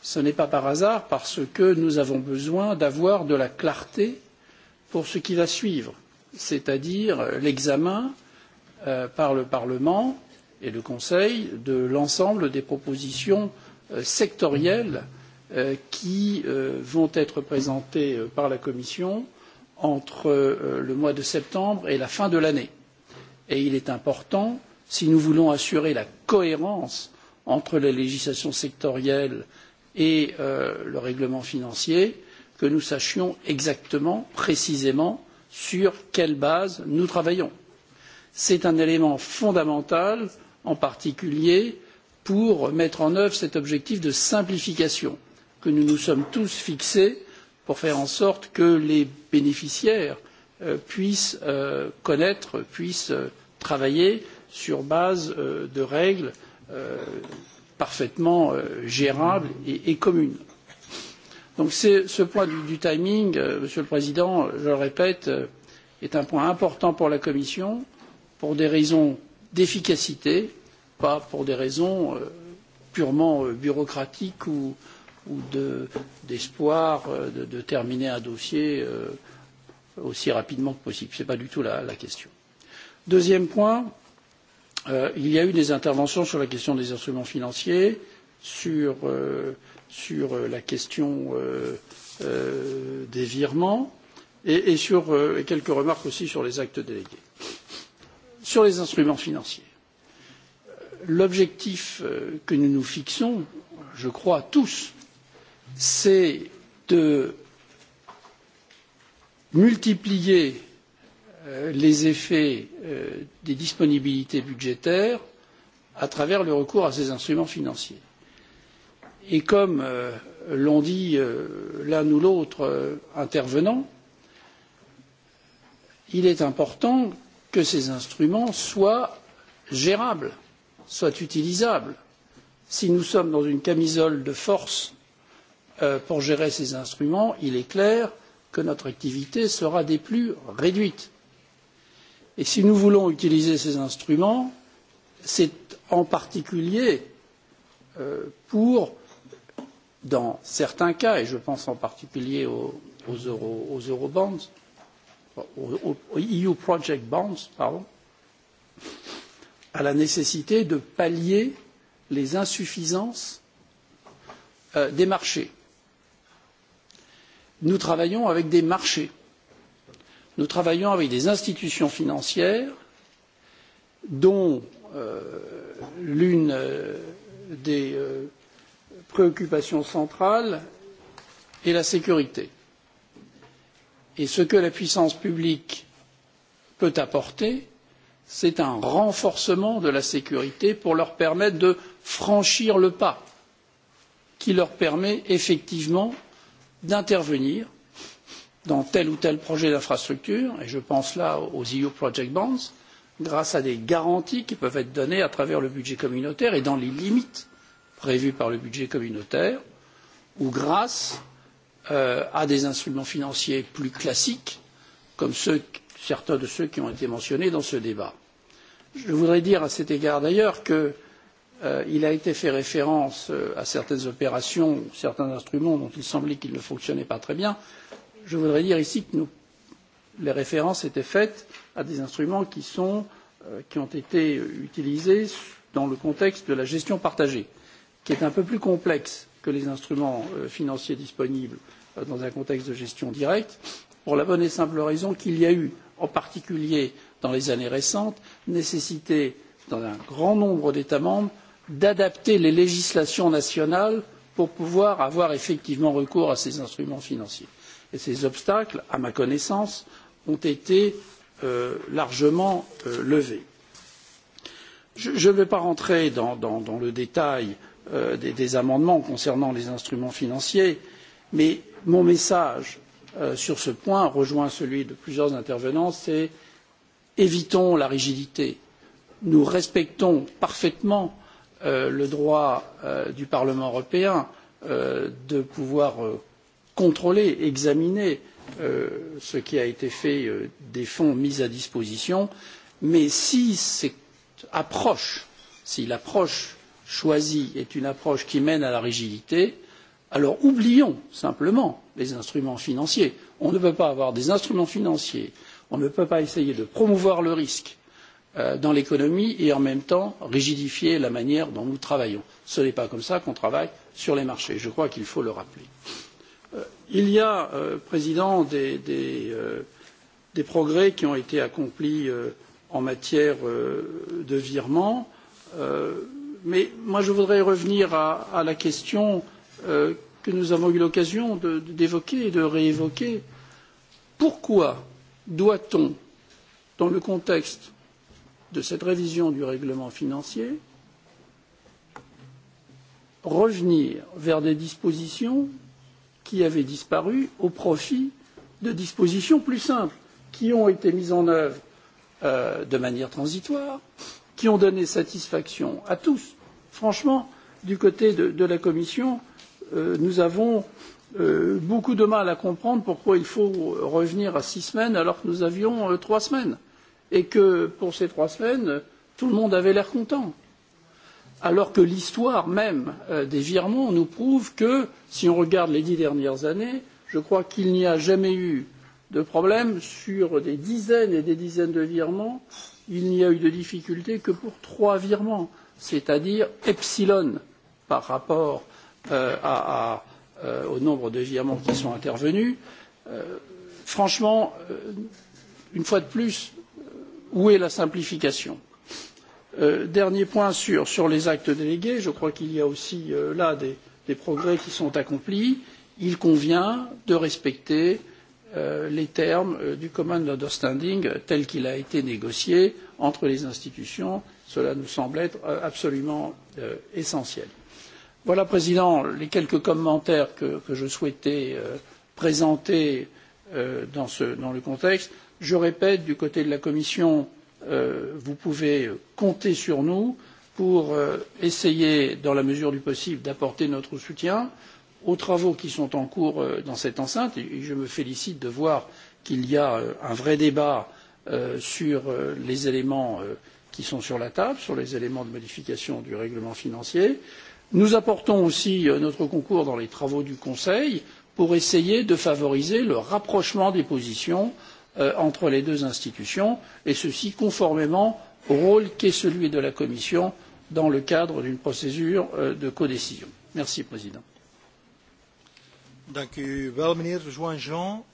Ce n'est pas par hasard parce que nous avons besoin d'avoir de la clarté pour ce qui va suivre c'est-à-dire l'examen euh, par le Parlement et le Conseil de l'ensemble des propositions euh, sectorielles euh, qui euh, vont être présentées euh, par la Commission entre euh, le mois de septembre et la fin de l'année. Et il est important, si nous voulons assurer la cohérence entre la législation sectorielle et euh, le règlement financier, que nous sachions exactement, précisément, sur quelle base nous travaillons. C'est un élément fondamental, en particulier pour mettre en œuvre cet objectif de simplification que nous nous sommes tous fixé pour faire en sorte que les bénéficiaires euh, puissent euh, connaître, puissent euh, travailler sur base euh, de règles euh, parfaitement euh, gérables et, et communes. Donc ce point du, du timing, euh, Monsieur le Président, je le répète, euh, est un point important pour la Commission, pour des raisons d'efficacité, pas pour des raisons euh, purement euh, bureaucratiques ou, ou de, d'espoir euh, de, de terminer un dossier euh, aussi rapidement que possible. Ce n'est pas du tout la, la question. Deuxième point, euh, il y a eu des interventions sur la question des instruments financiers, sur euh, euh, sur euh, la question euh, euh, des virements et, et sur euh, et quelques remarques aussi sur les actes délégués. Sur les instruments financiers, l'objectif euh, que nous nous fixons, je crois tous, c'est de multiplier euh, les effets des disponibilités budgétaires à travers le recours à ces instruments financiers et comme euh, l'ont dit euh, l'un ou l'autre euh, intervenant il est important que ces instruments soient gérables soient utilisables. si nous sommes dans une camisole de force euh, pour gérer ces instruments il est clair que notre activité sera des plus réduites. et si nous voulons utiliser ces instruments c'est en particulier euh, pour dans certains cas, et je pense en particulier aux, aux, euro, aux eurobonds, aux, aux EU project bonds, pardon, à la nécessité de pallier les insuffisances euh, des marchés. Nous travaillons avec des marchés. Nous travaillons avec des institutions financières dont euh, l'une euh, des euh, préoccupation centrale est la sécurité. Et ce que la puissance publique peut apporter, c'est un renforcement de la sécurité pour leur permettre de franchir le pas qui leur permet effectivement d'intervenir dans tel ou tel projet d'infrastructure et je pense là aux EU project bonds grâce à des garanties qui peuvent être données à travers le budget communautaire et dans les limites prévues par le budget communautaire ou grâce euh, à des instruments financiers plus classiques comme ceux, certains de ceux qui ont été mentionnés dans ce débat. Je voudrais dire à cet égard d'ailleurs que euh, il a été fait référence euh, à certaines opérations, certains instruments dont il semblait qu'ils ne fonctionnaient pas très bien. Je voudrais dire ici que nous, les références étaient faites à des instruments qui, sont, euh, qui ont été utilisés dans le contexte de la gestion partagée. Euh, qui est un peu plus complexe que les instruments euh, financiers disponibles euh, dans un contexte de gestion directe, pour la bonne et simple raison qu'il y a eu, en particulier dans les années récentes, nécessité dans un grand nombre d'États membres d'adapter les législations nationales pour pouvoir avoir effectivement recours à ces instruments financiers. Et ces obstacles, à ma connaissance, ont été euh, largement euh, levés. Je ne vais pas rentrer dans, dans, dans le détail euh, euh, des, des amendements concernant les instruments financiers, mais mon message euh, sur ce point rejoint celui de plusieurs intervenants, c'est évitons la rigidité. Nous respectons parfaitement euh, le droit euh, du Parlement européen euh, de pouvoir euh, contrôler, examiner euh, ce qui a été fait euh, des fonds mis à disposition, mais si cette approche, si l'approche choisie est une approche qui mène à la rigidité, alors oublions simplement les instruments financiers. On ne peut pas avoir des instruments financiers, on ne peut pas essayer de promouvoir le risque euh, dans l'économie et en même temps rigidifier la manière dont nous travaillons. Ce n'est pas comme ça qu'on travaille sur les marchés. Je crois qu'il faut le rappeler. Euh, il y a, euh, Président, des, des, euh, des progrès qui ont été accomplis euh, en matière euh, de virement. Euh, Mais moi, je voudrais revenir à, à la question euh, que nous avons eu l'occasion d'évoquer et de réévoquer. Pourquoi doit-on, dans le contexte de cette révision du règlement financier, revenir vers des dispositions qui avaient disparu au profit de dispositions plus simples, qui ont été mises en œuvre euh, de manière transitoire, qui ont donné satisfaction à tous franchement, du côté de, de la Commission, euh, nous avons euh, beaucoup de mal à comprendre pourquoi il faut revenir à six semaines alors que nous avions euh, trois semaines et que pour ces trois semaines, tout le monde avait l'air content. Alors que l'histoire même euh, des virements nous prouve que, si on regarde les dix dernières années, je crois qu'il n'y a jamais eu de problème sur des dizaines et des dizaines de virements. Il n'y a eu de difficulté que pour trois virements c'est-à-dire epsilon par rapport euh, à, à, euh, au nombre de virements qui sont intervenus. Euh, franchement, euh, une fois de plus, où est la simplification euh, Dernier point sur, sur les actes délégués, je crois qu'il y a aussi euh, là des, des progrès qui sont accomplis. Il convient de respecter euh, les termes euh, du Common Understanding tel qu'il a été négocié entre les institutions Cela nous semble être euh, absolument euh, essentiel. Voilà, Président, les quelques commentaires que, que je souhaitais euh, présenter euh, dans, ce, dans le contexte. Je répète, du côté de la Commission, euh, vous pouvez compter sur nous pour euh, essayer, dans la mesure du possible, d'apporter notre soutien aux travaux qui sont en cours euh, dans cette enceinte. Et je me félicite de voir qu'il y a euh, un vrai débat euh, sur euh, les éléments euh, qui sont sur la table sur les éléments de modification du règlement financier. Nous apportons aussi euh, notre concours dans les travaux du Conseil pour essayer de favoriser le rapprochement des positions euh, entre les deux institutions, et ceci conformément au rôle qu'est celui de la Commission dans le cadre d'une procédure euh, de codécision. Merci, Président. Dank u wel, meneer Joinjean.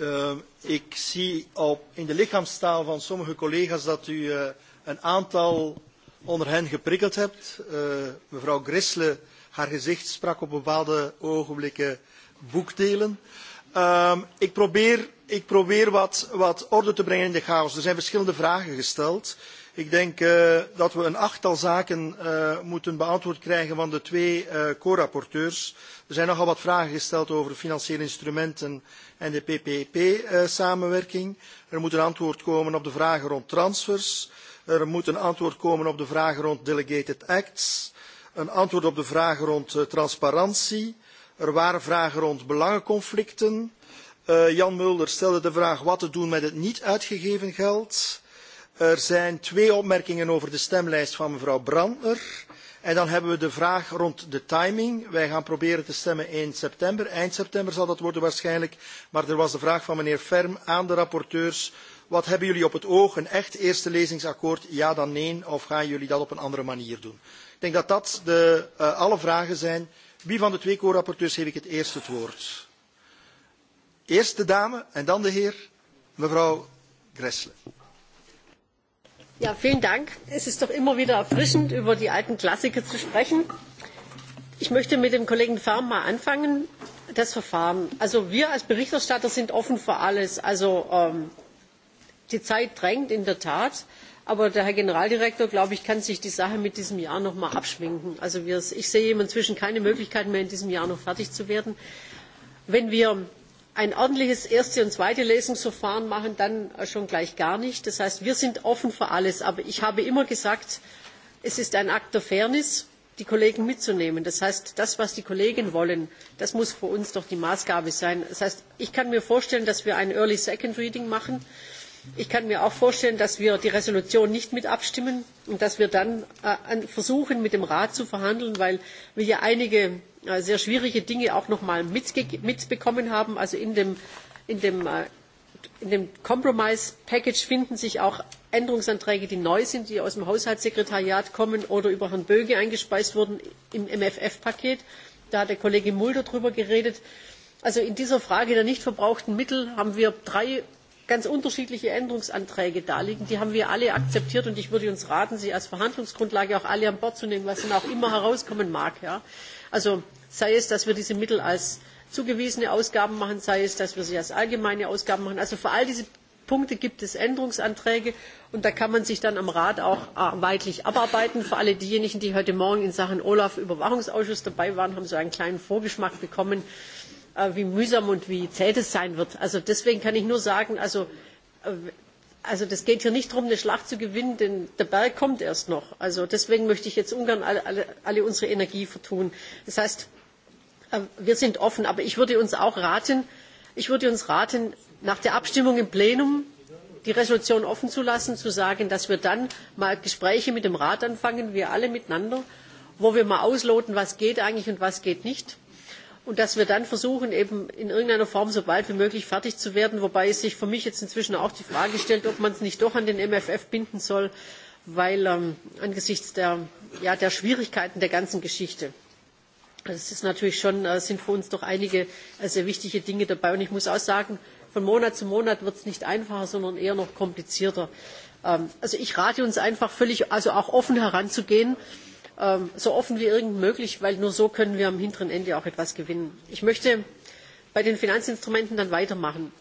Uh, ik zie op, in de lichaamstaal van sommige collega's dat u uh, een aantal onder hen geprikkeld hebt. Uh, mevrouw Grisle, haar gezicht sprak op bepaalde ogenblikken boekdelen. Uh, Um, ik, probeer, ik probeer wat, wat orde te brengen in de chaos. Er zijn verschillende vragen gesteld. Ik denk uh, dat we een achttal zaken uh, moeten beantwoord krijgen van de twee uh, co-rapporteurs. Er zijn nogal wat vragen gesteld over financiële instrumenten en de PPP-samenwerking. Uh, er moet een antwoord komen op de vragen rond transfers. Er moet een antwoord komen op de vragen rond delegated acts. Een antwoord op de vragen rond uh, transparantie Er waren vragen rond belangenconflicten. Uh, Jan Mulder stelde de vraag wat te doen met het niet uitgegeven geld. Er zijn twee opmerkingen over de stemlijst van mevrouw Brandner. En dan hebben we de vraag rond de timing. Wij gaan proberen te stemmen 1 september. Eind september zal dat worden waarschijnlijk. Maar er was de vraag van meneer Ferm aan de rapporteurs. Wat hebben jullie op het oog? Een echt eerste lezingsakkoord? Ja dan nee? Of gaan jullie dat op een andere manier doen? Ik denk dat dat de, uh, alle vragen zijn Wie van de twee co-rapporteurs geef ik het eerst het woord? Eerst de dame en dan de heer, mevrouw Gressle. Ja, vielen Dank. Es ist doch immer wieder erfrischend, über die alten Klassiker zu sprechen. Ich möchte mit dem Kollegen Farm mal anfangen. Das Verfahren. Also wir als Berichterstatter sind offen für alles. Also ähm, die Zeit drängt in der Tat. Äh, Aber der Herr Generaldirektor, glaube ich, kann sich die Sache mit diesem Jahr noch mal abschminken. Also wir, ich sehe inzwischen keine Möglichkeit mehr, in diesem Jahr noch fertig zu werden. Wenn wir ein ordentliches erste und zweite Lesungsverfahren machen, dann schon gleich gar nicht. Das heißt, wir sind offen für alles. Aber ich habe immer gesagt, es ist ein Akt der Fairness, die Kollegen mitzunehmen. Das heißt, das, was die Kollegen wollen, das muss für uns doch die Maßgabe sein. Das heißt, ich kann mir vorstellen, dass wir ein Early Second Reading machen Ich kann mir auch vorstellen, dass wir die Resolution nicht mit abstimmen und dass wir dann äh, versuchen, mit dem Rat zu verhandeln, weil wir ja einige äh, sehr schwierige Dinge auch nochmal mitbekommen haben. Also in dem, in dem, äh, in dem Compromise Package finden sich auch Änderungsanträge, die neu sind, die aus dem Haushaltssekretariat kommen oder über Herrn Böge eingespeist wurden im MFF-Paket. Da hat der Kollege Mulder drüber geredet. Also in dieser Frage der nicht verbrauchten Mittel haben wir drei ganz unterschiedliche Änderungsanträge darliegen. Die haben wir alle akzeptiert und ich würde uns raten, sie als Verhandlungsgrundlage auch alle an Bord zu nehmen, was dann auch immer herauskommen mag. Ja. Also sei es, dass wir diese Mittel als zugewiesene Ausgaben machen, sei es, dass wir sie als allgemeine Ausgaben machen. Also für all diese Punkte gibt es Änderungsanträge und da kann man sich dann am Rat auch ah, weitlich abarbeiten. Für alle diejenigen, die heute Morgen in Sachen Olaf Überwachungsausschuss dabei waren, haben so einen kleinen Vorgeschmack bekommen Äh, wie mühsam und wie zäh das sein wird. Also deswegen kann ich nur sagen, also, äh, also das geht hier nicht darum, eine Schlacht zu gewinnen, denn der Berg kommt erst noch. Also deswegen möchte ich jetzt Ungarn alle, alle, alle unsere Energie vertun. Das heißt, äh, wir sind offen, aber ich würde uns auch raten, ich würde uns raten, nach der Abstimmung im Plenum die Resolution offen zu lassen, zu sagen, dass wir dann mal Gespräche mit dem Rat anfangen, wir alle miteinander, wo wir mal ausloten, was geht eigentlich und was geht nicht und dass wir dann versuchen, eben in irgendeiner Form so bald wie möglich fertig zu werden, wobei sich für mich jetzt inzwischen auch die Frage stellt, ob man es nicht doch an den MFF binden soll, weil ähm, angesichts der, ja, der Schwierigkeiten der ganzen Geschichte. Das ist natürlich schon, äh, sind für uns doch einige äh, sehr wichtige Dinge dabei. Und ich muss auch sagen, von Monat zu Monat wird es nicht einfacher, sondern eher noch komplizierter. Ähm, also ich rate uns einfach völlig, also auch offen heranzugehen. Äh, ähm, so offen wie irgend möglich, weil nur so können wir am hinteren Ende auch etwas gewinnen. Ich möchte bei den Finanzinstrumenten dann weitermachen.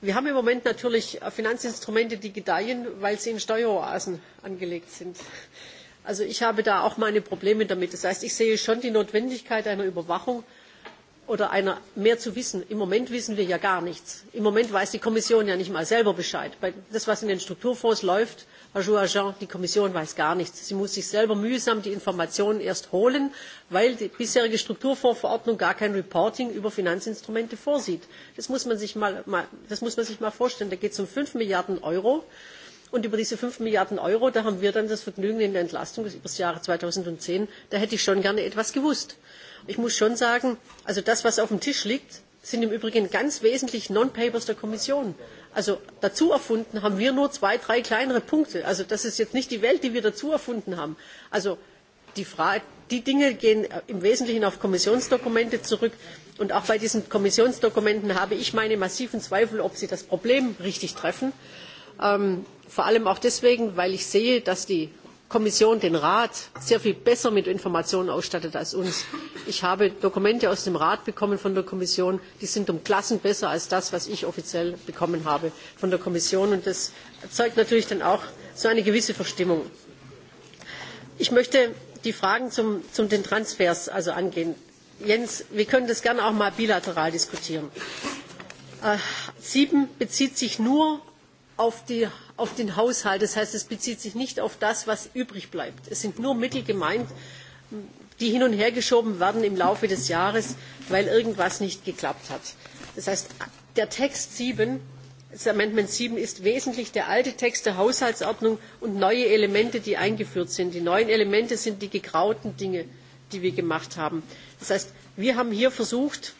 Wir haben im Moment natürlich Finanzinstrumente, die gedeihen, weil sie in Steueroasen angelegt sind. Also ich habe da auch meine Probleme damit. Das heißt, ich sehe schon die Notwendigkeit einer Überwachung oder einer mehr zu wissen. Im Moment wissen wir ja gar nichts. Im Moment weiß die Kommission ja nicht mal selber Bescheid. Bei das, was in den Strukturfonds läuft, Herr Jouagin, die Kommission weiß gar nichts. Sie muss sich selber mühsam die Informationen erst holen, weil die bisherige Strukturfondsverordnung gar kein Reporting über Finanzinstrumente vorsieht. Das muss man sich mal, mal, das muss man sich mal vorstellen. Da geht es um 5 Milliarden Euro. Und über diese 5 Milliarden Euro, da haben wir dann das Vergnügen in der Entlastung über das Jahre 2010, da hätte ich schon gerne etwas gewusst. Ich muss schon sagen, also das, was auf dem Tisch liegt, sind im Übrigen ganz wesentlich Non-Papers der Kommission. Also dazu erfunden haben wir nur zwei, drei kleinere Punkte. Also das ist jetzt nicht die Welt, die wir dazu erfunden haben. Also die, Frage, die Dinge gehen äh, im Wesentlichen auf Kommissionsdokumente zurück. Und auch bei diesen Kommissionsdokumenten habe ich meine massiven Zweifel, ob sie das Problem richtig treffen. Ähm, vor allem auch deswegen, weil ich sehe, dass die Kommission den Rat sehr viel besser mit Informationen ausstattet als uns. Ich habe Dokumente aus dem Rat bekommen von der Kommission, die sind um Klassen besser als das, was ich offiziell bekommen habe von der Kommission. Und das erzeugt natürlich dann auch so eine gewisse Verstimmung. Ich möchte die Fragen zum, zum den Transfers also angehen. Jens, wir können das gerne auch mal bilateral diskutieren. Äh, sieben bezieht sich nur auf die auf den Haushalt. Das heißt, es bezieht sich nicht auf das, was übrig bleibt. Es sind nur Mittel gemeint, die hin und her geschoben werden im Laufe des Jahres, weil irgendwas nicht geklappt hat. Das heißt, der Text 7, das Amendment 7 ist wesentlich der alte Text der Haushaltsordnung und neue Elemente, die eingeführt sind. Die neuen Elemente sind die gegrauten Dinge, die wir gemacht haben. Das heißt, wir haben hier versucht,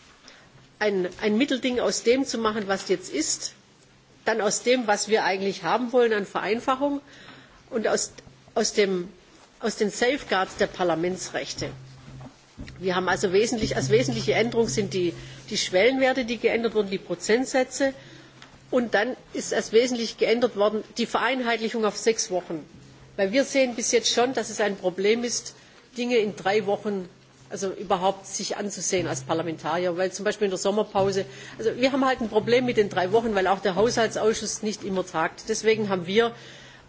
ein, ein Mittelding aus dem zu machen, was jetzt ist, dann aus dem, was wir eigentlich haben wollen an Vereinfachung und aus, aus, dem, aus den Safeguards der Parlamentsrechte. Wir haben also wesentlich, als wesentliche Änderung sind die, die Schwellenwerte, die geändert wurden, die Prozentsätze. Und dann ist als wesentlich geändert worden die Vereinheitlichung auf sechs Wochen. Weil wir sehen bis jetzt schon, dass es ein Problem ist, Dinge in drei Wochen also überhaupt sich anzusehen als Parlamentarier, weil zum Beispiel in der Sommerpause, also wir haben halt ein Problem mit den drei Wochen, weil auch der Haushaltsausschuss nicht immer tagt. Deswegen haben wir äh,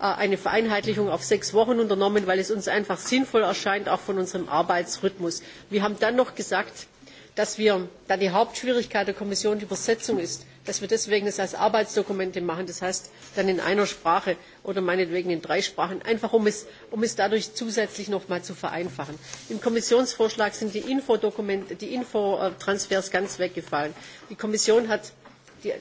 eine Vereinheitlichung auf sechs Wochen unternommen, weil es uns einfach sinnvoll erscheint, auch von unserem Arbeitsrhythmus. Wir haben dann noch gesagt, dass wir, da die Hauptschwierigkeit der Kommission die Übersetzung ist, dass wir deswegen das als Arbeitsdokumente machen, das heißt dann in einer Sprache oder meinetwegen in drei Sprachen, einfach um es, um es dadurch zusätzlich nochmal zu vereinfachen. Im Kommissionsvorschlag sind die Infodokumente, die Infotransfers ganz weggefallen. Die Kommission hat die,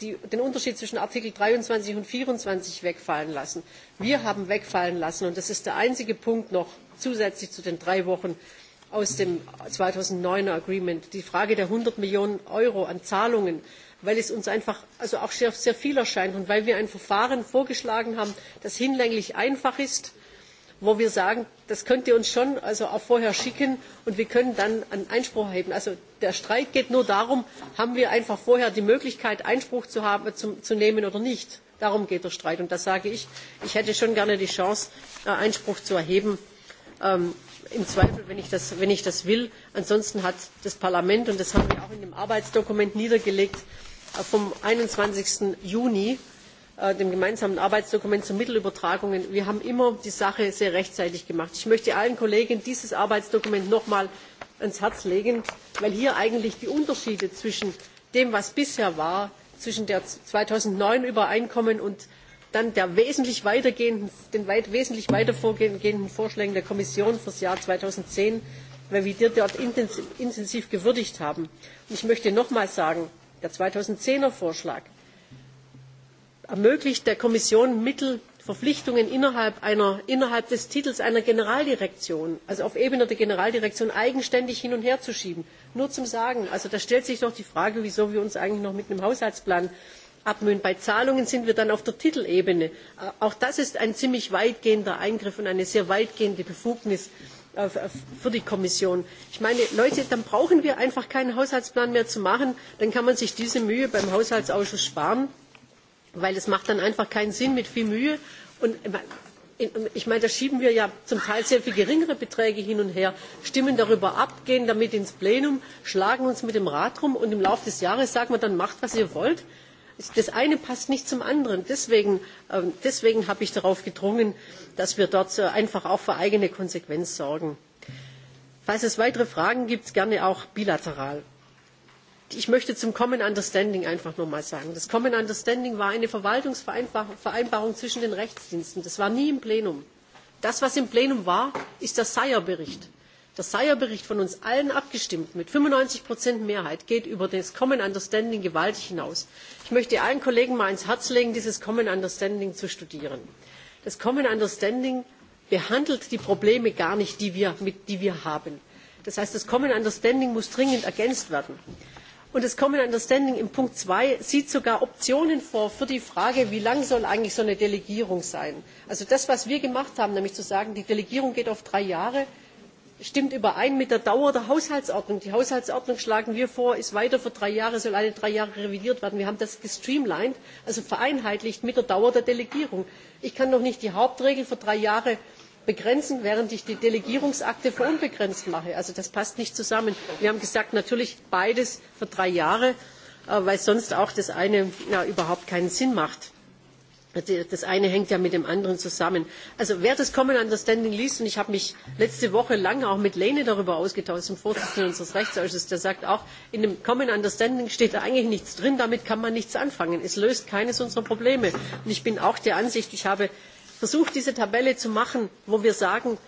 die, den Unterschied zwischen Artikel 23 und 24 wegfallen lassen. Wir haben wegfallen lassen, und das ist der einzige Punkt noch zusätzlich zu den drei Wochen, aus dem 2009er Agreement die Frage der 100 Millionen Euro an Zahlungen weil es uns einfach also auch sehr, sehr viel erscheint und weil wir ein Verfahren vorgeschlagen haben, das hinlänglich einfach ist, wo wir sagen, das könnt ihr uns schon also auch vorher schicken und wir können dann einen Einspruch erheben. Also der Streit geht nur darum, haben wir einfach vorher die Möglichkeit, Einspruch zu, haben, zu, zu nehmen oder nicht. Darum geht der Streit. Und das sage ich, ich hätte schon gerne die Chance, äh, Einspruch zu erheben. Ähm, im Zweifel, wenn ich, das, wenn ich das will. Ansonsten hat das Parlament, und das haben wir auch in dem Arbeitsdokument niedergelegt, vom. einundzwanzig juni äh, dem gemeinsamen arbeitsdokument zu mittelübertragungen. wir haben immer die sache sehr rechtzeitig gemacht. ich möchte allen kollegen dieses arbeitsdokument noch einmal ans herz legen weil hier eigentlich die unterschiede zwischen dem was bisher war zwischen dem zweitausendneun übereinkommen und dann den wesentlich weiter vorgehenden vorschlägen der kommission für das jahr zweitausendzehn weil wir die dort intensiv gewürdigt haben. ich möchte nochmals sagen der 2010er Vorschlag ermöglicht der Kommission Mittel, Verpflichtungen innerhalb, einer, innerhalb des Titels einer Generaldirektion, also auf Ebene der Generaldirektion, eigenständig hin und her zu schieben. Nur zum Sagen, also da stellt sich doch die Frage, wieso wir uns eigentlich noch mit einem Haushaltsplan abmühen. Bei Zahlungen sind wir dann auf der Titelebene. Äh, auch das ist ein ziemlich weitgehender Eingriff und eine sehr weitgehende Befugnis Äh, äh, für die Kommission. Ich meine, Leute, dann brauchen wir einfach keinen Haushaltsplan mehr zu machen. Dann kann man sich diese Mühe beim Haushaltsausschuss sparen, weil es macht dann einfach keinen Sinn mit viel Mühe. Und äh, ähm, ich meine, da schieben wir ja zum Teil sehr viel geringere Beträge hin und her, stimmen darüber ab, gehen damit ins Plenum, schlagen uns mit dem Rat rum und im Laufe des Jahres sagen wir dann, macht, was ihr wollt das eine passt nicht zum anderen. Deswegen, ähm, deswegen habe ich darauf gedrungen, dass wir dort einfach auch für eigene Konsequenz sorgen. Falls es weitere Fragen gibt, gerne auch bilateral. Ich möchte zum Common Understanding einfach nochmal sagen. Das Common Understanding war eine Verwaltungsvereinbarung zwischen den Rechtsdiensten. Das war nie im Plenum. Das, was im Plenum war, ist der Seyer-Bericht. Der Seyer-Bericht von uns allen abgestimmt mit 95 Prozent Mehrheit geht über das Common Understanding gewaltig hinaus. Ich möchte allen Kollegen mal ans Herz legen, dieses Common Understanding zu studieren. Das Common Understanding behandelt die Probleme gar nicht, die wir, mit, die wir haben. Das heißt, das Common Understanding muss dringend ergänzt werden. Und das Common Understanding in Punkt 2 sieht sogar Optionen vor für die Frage, wie lang soll eigentlich so eine Delegierung sein. Also das, was wir gemacht haben, nämlich zu sagen, die Delegierung geht auf drei Jahre, stimmt überein mit der Dauer der Haushaltsordnung. Die Haushaltsordnung schlagen wir vor, ist weiter für drei Jahre, soll alle drei Jahre revidiert werden. Wir haben das gestreamlined, also vereinheitlicht mit der Dauer der Delegierung. Ich kann doch nicht die Hauptregel für drei Jahre begrenzen, während ich die Delegierungsakte für unbegrenzt mache. Also das passt nicht zusammen. Wir haben gesagt, natürlich beides für drei Jahre, äh, weil sonst auch das eine ja, überhaupt keinen Sinn macht. Das eine hängt ja mit dem anderen zusammen. Also wer das Common Understanding liest, und ich habe mich letzte Woche lang auch mit Lene darüber ausgetauscht, dem Vorsitzenden unseres Rechtsausschusses, der sagt auch, in dem Common Understanding steht eigentlich nichts drin, damit kann man nichts anfangen. Es löst keines unserer Probleme. Und ich bin auch der Ansicht, ich habe versucht, diese Tabelle zu machen, wo wir sagen,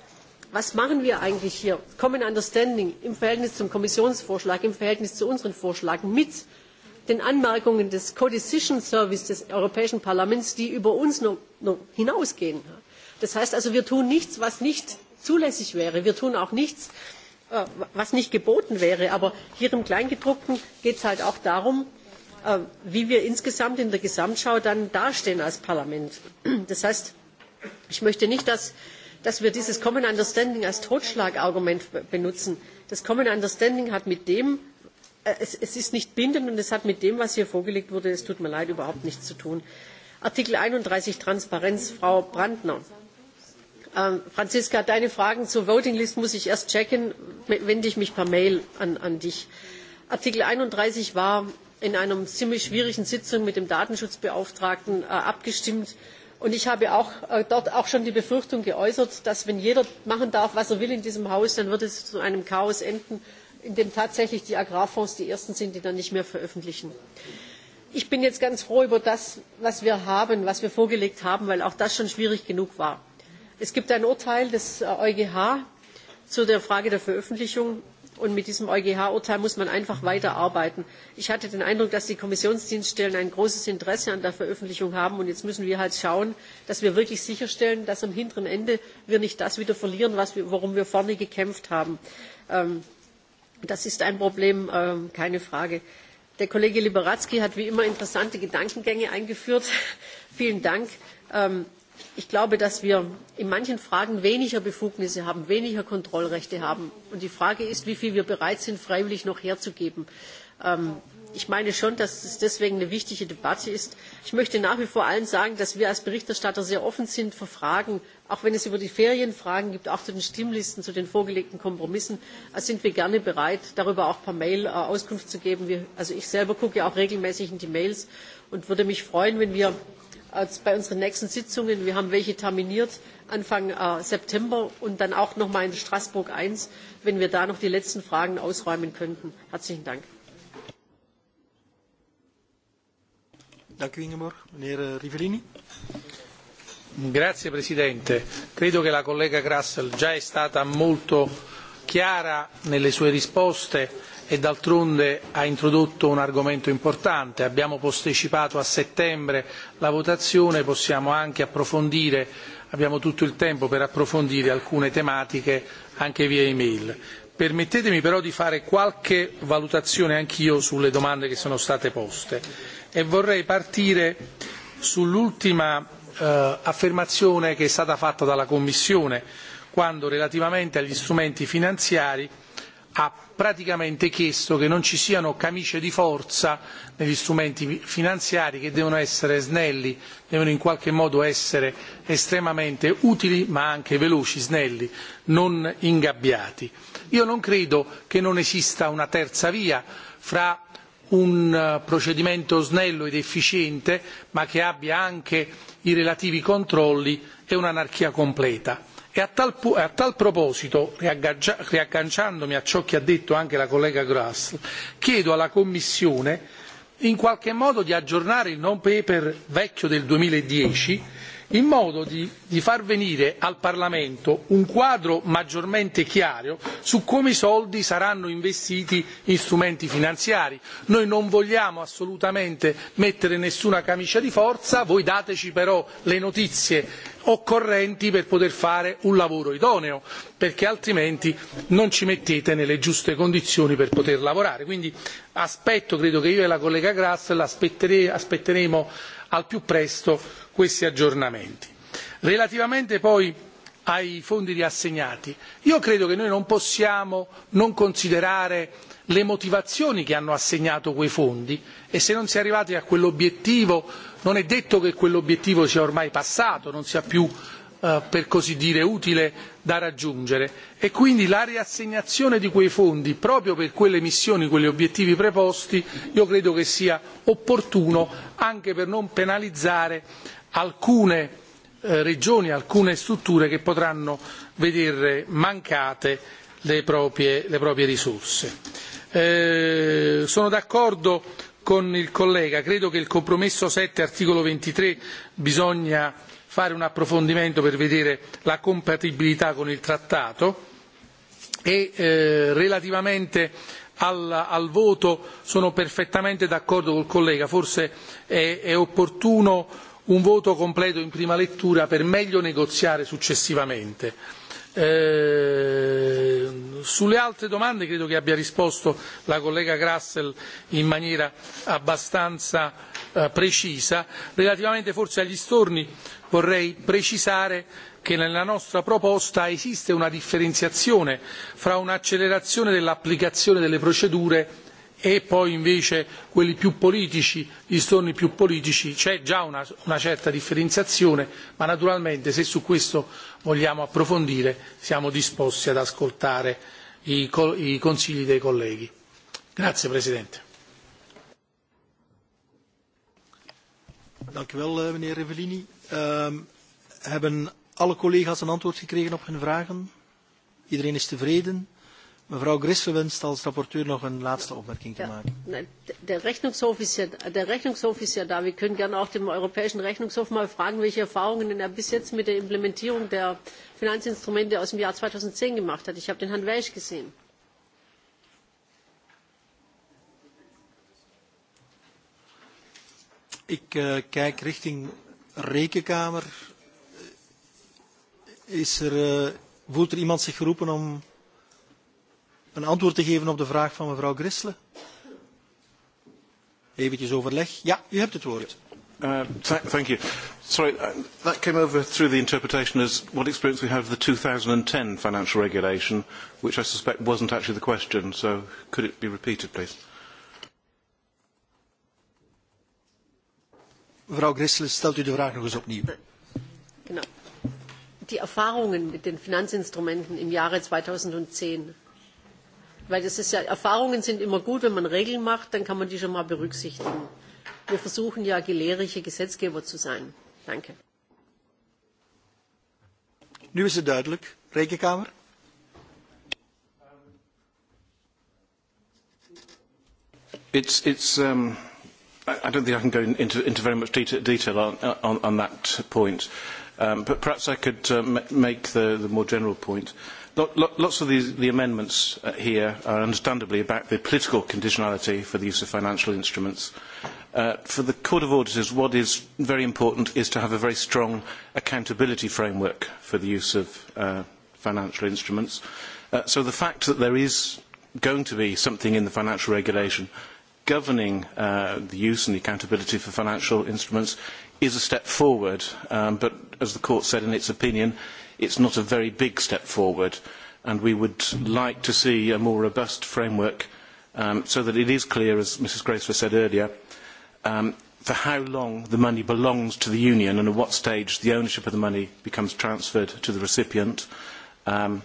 was machen wir eigentlich hier? Common Understanding im Verhältnis zum Kommissionsvorschlag, im Verhältnis zu unseren Vorschlägen mit den anmerkungen des codecision service des europäischen parlaments die über uns noch, noch hinausgehen. das heißt also wir tun nichts was nicht zulässig wäre wir tun auch nichts äh, was nicht geboten wäre. aber hier im kleingedruckten geht es halt auch darum äh, wie wir insgesamt in der gesamtschau dann dastehen als parlament. das heißt ich möchte nicht dass, dass wir dieses common understanding als totschlagargument benutzen. das common understanding hat mit dem Äh, es, es ist nicht bindend und es hat mit dem, was hier vorgelegt wurde, es tut mir leid, überhaupt nichts zu tun. Artikel 31 Transparenz, Frau Brandner. Ähm, Franziska, deine Fragen zur Voting List muss ich erst checken, wende ich mich per Mail an, an dich. Artikel 31 war in einer ziemlich schwierigen Sitzung mit dem Datenschutzbeauftragten äh, abgestimmt. Und ich habe auch, äh, dort auch schon die Befürchtung geäußert, dass wenn jeder machen darf, was er will in diesem Haus, dann wird es zu einem Chaos enden in dem tatsächlich die agrarfonds die ersten sind die dann nicht mehr veröffentlichen. ich bin jetzt ganz froh über das was wir haben was wir vorgelegt haben weil auch das schon schwierig genug war. es gibt ein urteil des äh, eugh zu der frage der veröffentlichung und mit diesem eugh urteil muss man einfach weiterarbeiten. ich hatte den eindruck dass die kommissionsdienststellen ein großes interesse an der veröffentlichung haben und jetzt müssen wir halt schauen dass wir wirklich sicherstellen dass wir am hinteren ende nicht das wieder verlieren worum wir vorne gekämpft haben. Ähm, Das ist ein Problem, ähm, keine Frage. Der Kollege Liberatzki hat wie immer interessante Gedankengänge eingeführt. [LAUGHS] Vielen Dank. Ähm, ich glaube, dass wir in manchen Fragen weniger Befugnisse haben, weniger Kontrollrechte haben. Und die Frage ist, wie viel wir bereit sind, freiwillig noch herzugeben. Ähm, ich meine schon, dass es deswegen eine wichtige Debatte ist. Ich möchte nach wie vor allen sagen, dass wir als Berichterstatter sehr offen sind für Fragen auch wenn es über die ferien fragen gibt auch zu den stimmlisten zu den vorgelegten kompromissen äh, sind wir gerne bereit darüber auch per mail äh, auskunft zu geben. also ich selber gucke auch regelmäßig in die mails und würde mich freuen wenn wir äh, bei unseren nächsten sitzungen wir haben welche terminiert anfang september und dann auch noch mal in straßburg i wenn wir da noch die letzten fragen ausräumen könnten. herzlichen dank! Dank u Ingeborg. Meneer Rivellini. Grazie Presidente, credo che la collega Grassel già è stata molto chiara nelle sue risposte e d'altronde ha introdotto un argomento importante. Abbiamo posticipato a settembre la votazione, possiamo anche approfondire, abbiamo tutto il tempo per approfondire alcune tematiche anche via email. Permettetemi però di fare qualche valutazione anch'io sulle domande che sono state poste e vorrei partire sull'ultima eh, affermazione che è stata fatta dalla Commissione quando relativamente agli strumenti finanziari ha praticamente chiesto che non ci siano camicie di forza negli strumenti finanziari che devono essere snelli, devono in qualche modo essere estremamente utili ma anche veloci, snelli, non ingabbiati. Io non credo che non esista una terza via fra un eh, procedimento snello ed efficiente ma che abbia anche i relativi controlli è un'anarchia completa e a tal, a tal proposito riagganciandomi a ciò che ha detto anche la collega grass chiedo alla commissione in qualche modo di aggiornare il non paper vecchio del duemiladieci in modo di, di far venire al Parlamento un quadro maggiormente chiaro su come i soldi saranno investiti in strumenti finanziari. Noi non vogliamo assolutamente mettere nessuna camicia di forza, voi dateci però le notizie occorrenti per poter fare un lavoro idoneo, perché altrimenti non ci mettete nelle giuste condizioni per poter lavorare. Quindi aspetto, credo che io e la collega Grassel aspetteremo al più presto questi aggiornamenti. relativamente poi ai fondi riassegnati io credo che noi non possiamo non considerare le motivazioni che hanno assegnato quei fondi e se non si è arrivati a quell'obiettivo non è detto che quell'obiettivo sia ormai passato non sia più eh, per così dire utile da raggiungere e quindi la riassegnazione di quei fondi proprio per quelle missioni quegli obiettivi preposti io credo che sia opportuno anche per non penalizzare alcune eh, regioni alcune strutture che potranno veder mancate le proprie, le proprie risorse. Eh, sono d'accordo con il collega credo che il compromesso sette articolo ventitré bisogna fare un approfondimento per vedere la compatibilità con il trattato e eh, relativamente al, al voto sono perfettamente d'accordo col collega forse è, è opportuno un voto completo in prima lettura per meglio negoziare successivamente. Eh, sulle altre domande credo che abbia risposto la collega Grassel in maniera abbastanza eh, precisa. Relativamente forse agli storni vorrei precisare che nella nostra proposta esiste una differenziazione fra un'accelerazione dell'applicazione delle procedure e poi invece quelli più politici gli storni più politici c'è già una, una certa differenziazione ma naturalmente se su questo vogliamo approfondire siamo disposti ad ascoltare i, i consigli dei colleghi. Grazie presidente. Dank u wel eh, meneer Rivellini. Um, hebben alle collega's een antwoord gekregen op hun vragen? Iedereen is tevreden? Mevrouw Grisse wenst als rapporteur nog een laatste opmerking te maken. Ja, er der, Rechnungshof ist ja, der Rechnungshof ist ja da. Wir können gerne auch dem Europäischen Rechnungshof mal fragen, welche Erfahrungen er bis jetzt mit der Implementierung der Finanzinstrumente aus dem Jahr 2010 gemacht hat. Ich habe den Herrn Welsch gesehen. Ik uh, kijk richting rekenkamer. Is er, uh, eh, voelt er iemand zich geroepen om een antwoord te geven op de vraag van mevrouw Grissle? Eventjes overleg. Ja, u hebt het woord. Uh, th thank you. Sorry, uh, that came over through the interpretation as what experience we have of the 2010 financial regulation, which I suspect wasn't actually the question, so could it be repeated, please? Uh, Mevrouw Grissel, stelt u de vraag nog eens opnieuw. Genau. Die Erfahrungen mit den Finanzinstrumenten im Jahre 2010. Weil das ist ja, Erfahrungen sind immer gut, wenn man Regeln macht, dann kann man die schon mal berücksichtigen. Wir versuchen ja, gelehrische Gesetzgeber zu sein. Danke. Nu is het duidelijk. Rekenkamer. It's, it's, um I don't think I can go into, into very much detail, detail on, on, on that point, um, but perhaps I could uh, make the, the more general point. Lo lo lots of these, the amendments uh, here are understandably about the political conditionality for the use of financial instruments. Uh, for the Court of Auditors, what is very important is to have a very strong accountability framework for the use of uh, financial instruments. Uh, so the fact that there is going to be something in the financial regulation uh, governing uh, the use and the accountability for financial instruments is a step forward, um, but as the court said in its opinion, it's not a very big step forward, and we would like to see a more robust framework um, so that it is clear, as Mrs. Gracefer said earlier, um, for how long the money belongs to the union and at what stage the ownership of the money becomes transferred to the recipient. Um,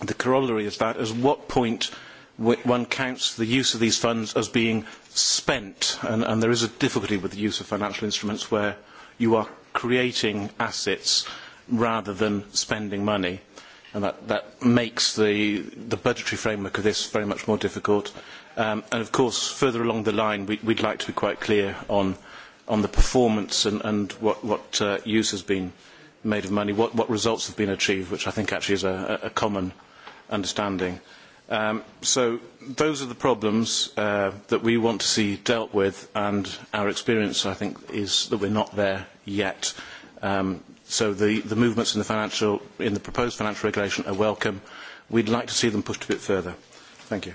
the corollary is that at what point one counts the use of these funds as being spent, and, and there is a difficulty with the use of financial instruments where you are creating assets rather than spending money. And that, that makes the, the budgetary framework of this very much more difficult. Um, and of course, further along the line, we, we'd like to be quite clear on, on the performance and, and what, what uh, use has been made of money, what, what results have been achieved, which I think actually is a, a common understanding. Uh, Um, so those are the problems uh, that we want to see dealt with, and our experience, I think, is that we're not there yet. Um, so the, the movements in the, financial, in the proposed financial regulation are welcome. We'd like to see them pushed a bit further. Thank you.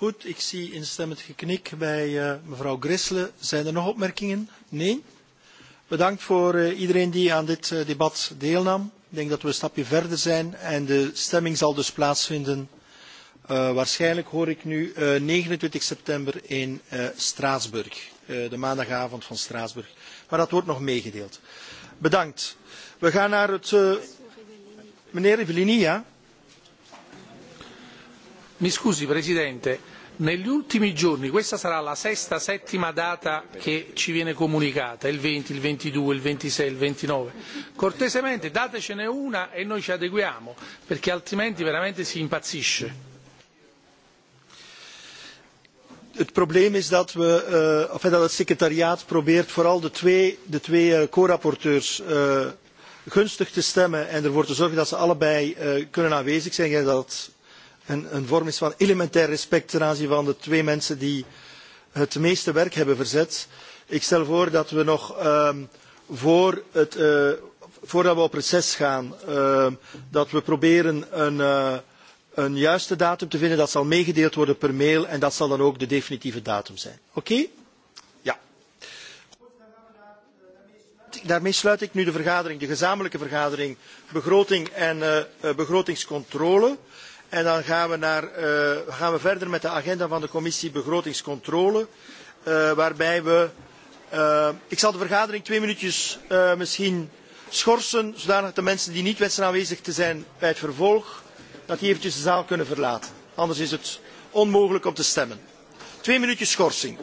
Goed, ik zie instemmend geknik bij uh, mevrouw Grisselen. Zijn er nog opmerkingen? Nee? Bedankt voor uh, iedereen die aan dit uh, debat deelnam. Ik denk dat we een stapje verder zijn en de stemming zal dus plaatsvinden. Uh, waarschijnlijk hoor ik nu uh, 29 september in uh, Straatsburg, uh, de maandagavond van Straatsburg. Maar dat wordt nog meegedeeld. Bedankt. We gaan naar het... Uh, meneer Rivellini, ja? Mi scusi, presidente Negli ultimi giorni, questa sarà la sesta, settima data che ci viene comunicata, il 20, il 22, il 26, il 29. Cortesemente datecene una e noi ci adeguiamo, perché altrimenti veramente si impazzisce. Het probleem is dat, we, uh, eh, enfin, dat het secretariaat probeert vooral de twee, de twee uh, co-rapporteurs uh, gunstig te stemmen en ervoor te zorgen dat ze allebei uh, kunnen aanwezig zijn en dat een, een vorm is van elementair respect ten aanzien van de twee mensen die het meeste werk hebben verzet. Ik stel voor dat we nog um, voor het, uh, voordat we op reces gaan, uh, dat we proberen een, uh, een juiste datum te vinden. Dat zal meegedeeld worden per mail en dat zal dan ook de definitieve datum zijn. Oké? Okay? Ja. Daarmee sluit ik nu de vergadering, de gezamenlijke vergadering begroting en uh, begrotingscontrole. En dan gaan we, naar, uh, gaan we verder met de agenda van de commissie begrotingscontrole, uh, waarbij we... Uh, ik zal de vergadering twee minuutjes uh, misschien schorsen, zodanig dat de mensen die niet wensen aanwezig te zijn bij het vervolg, dat die eventjes de zaal kunnen verlaten. Anders is het onmogelijk om te stemmen. Twee minuutjes schorsing.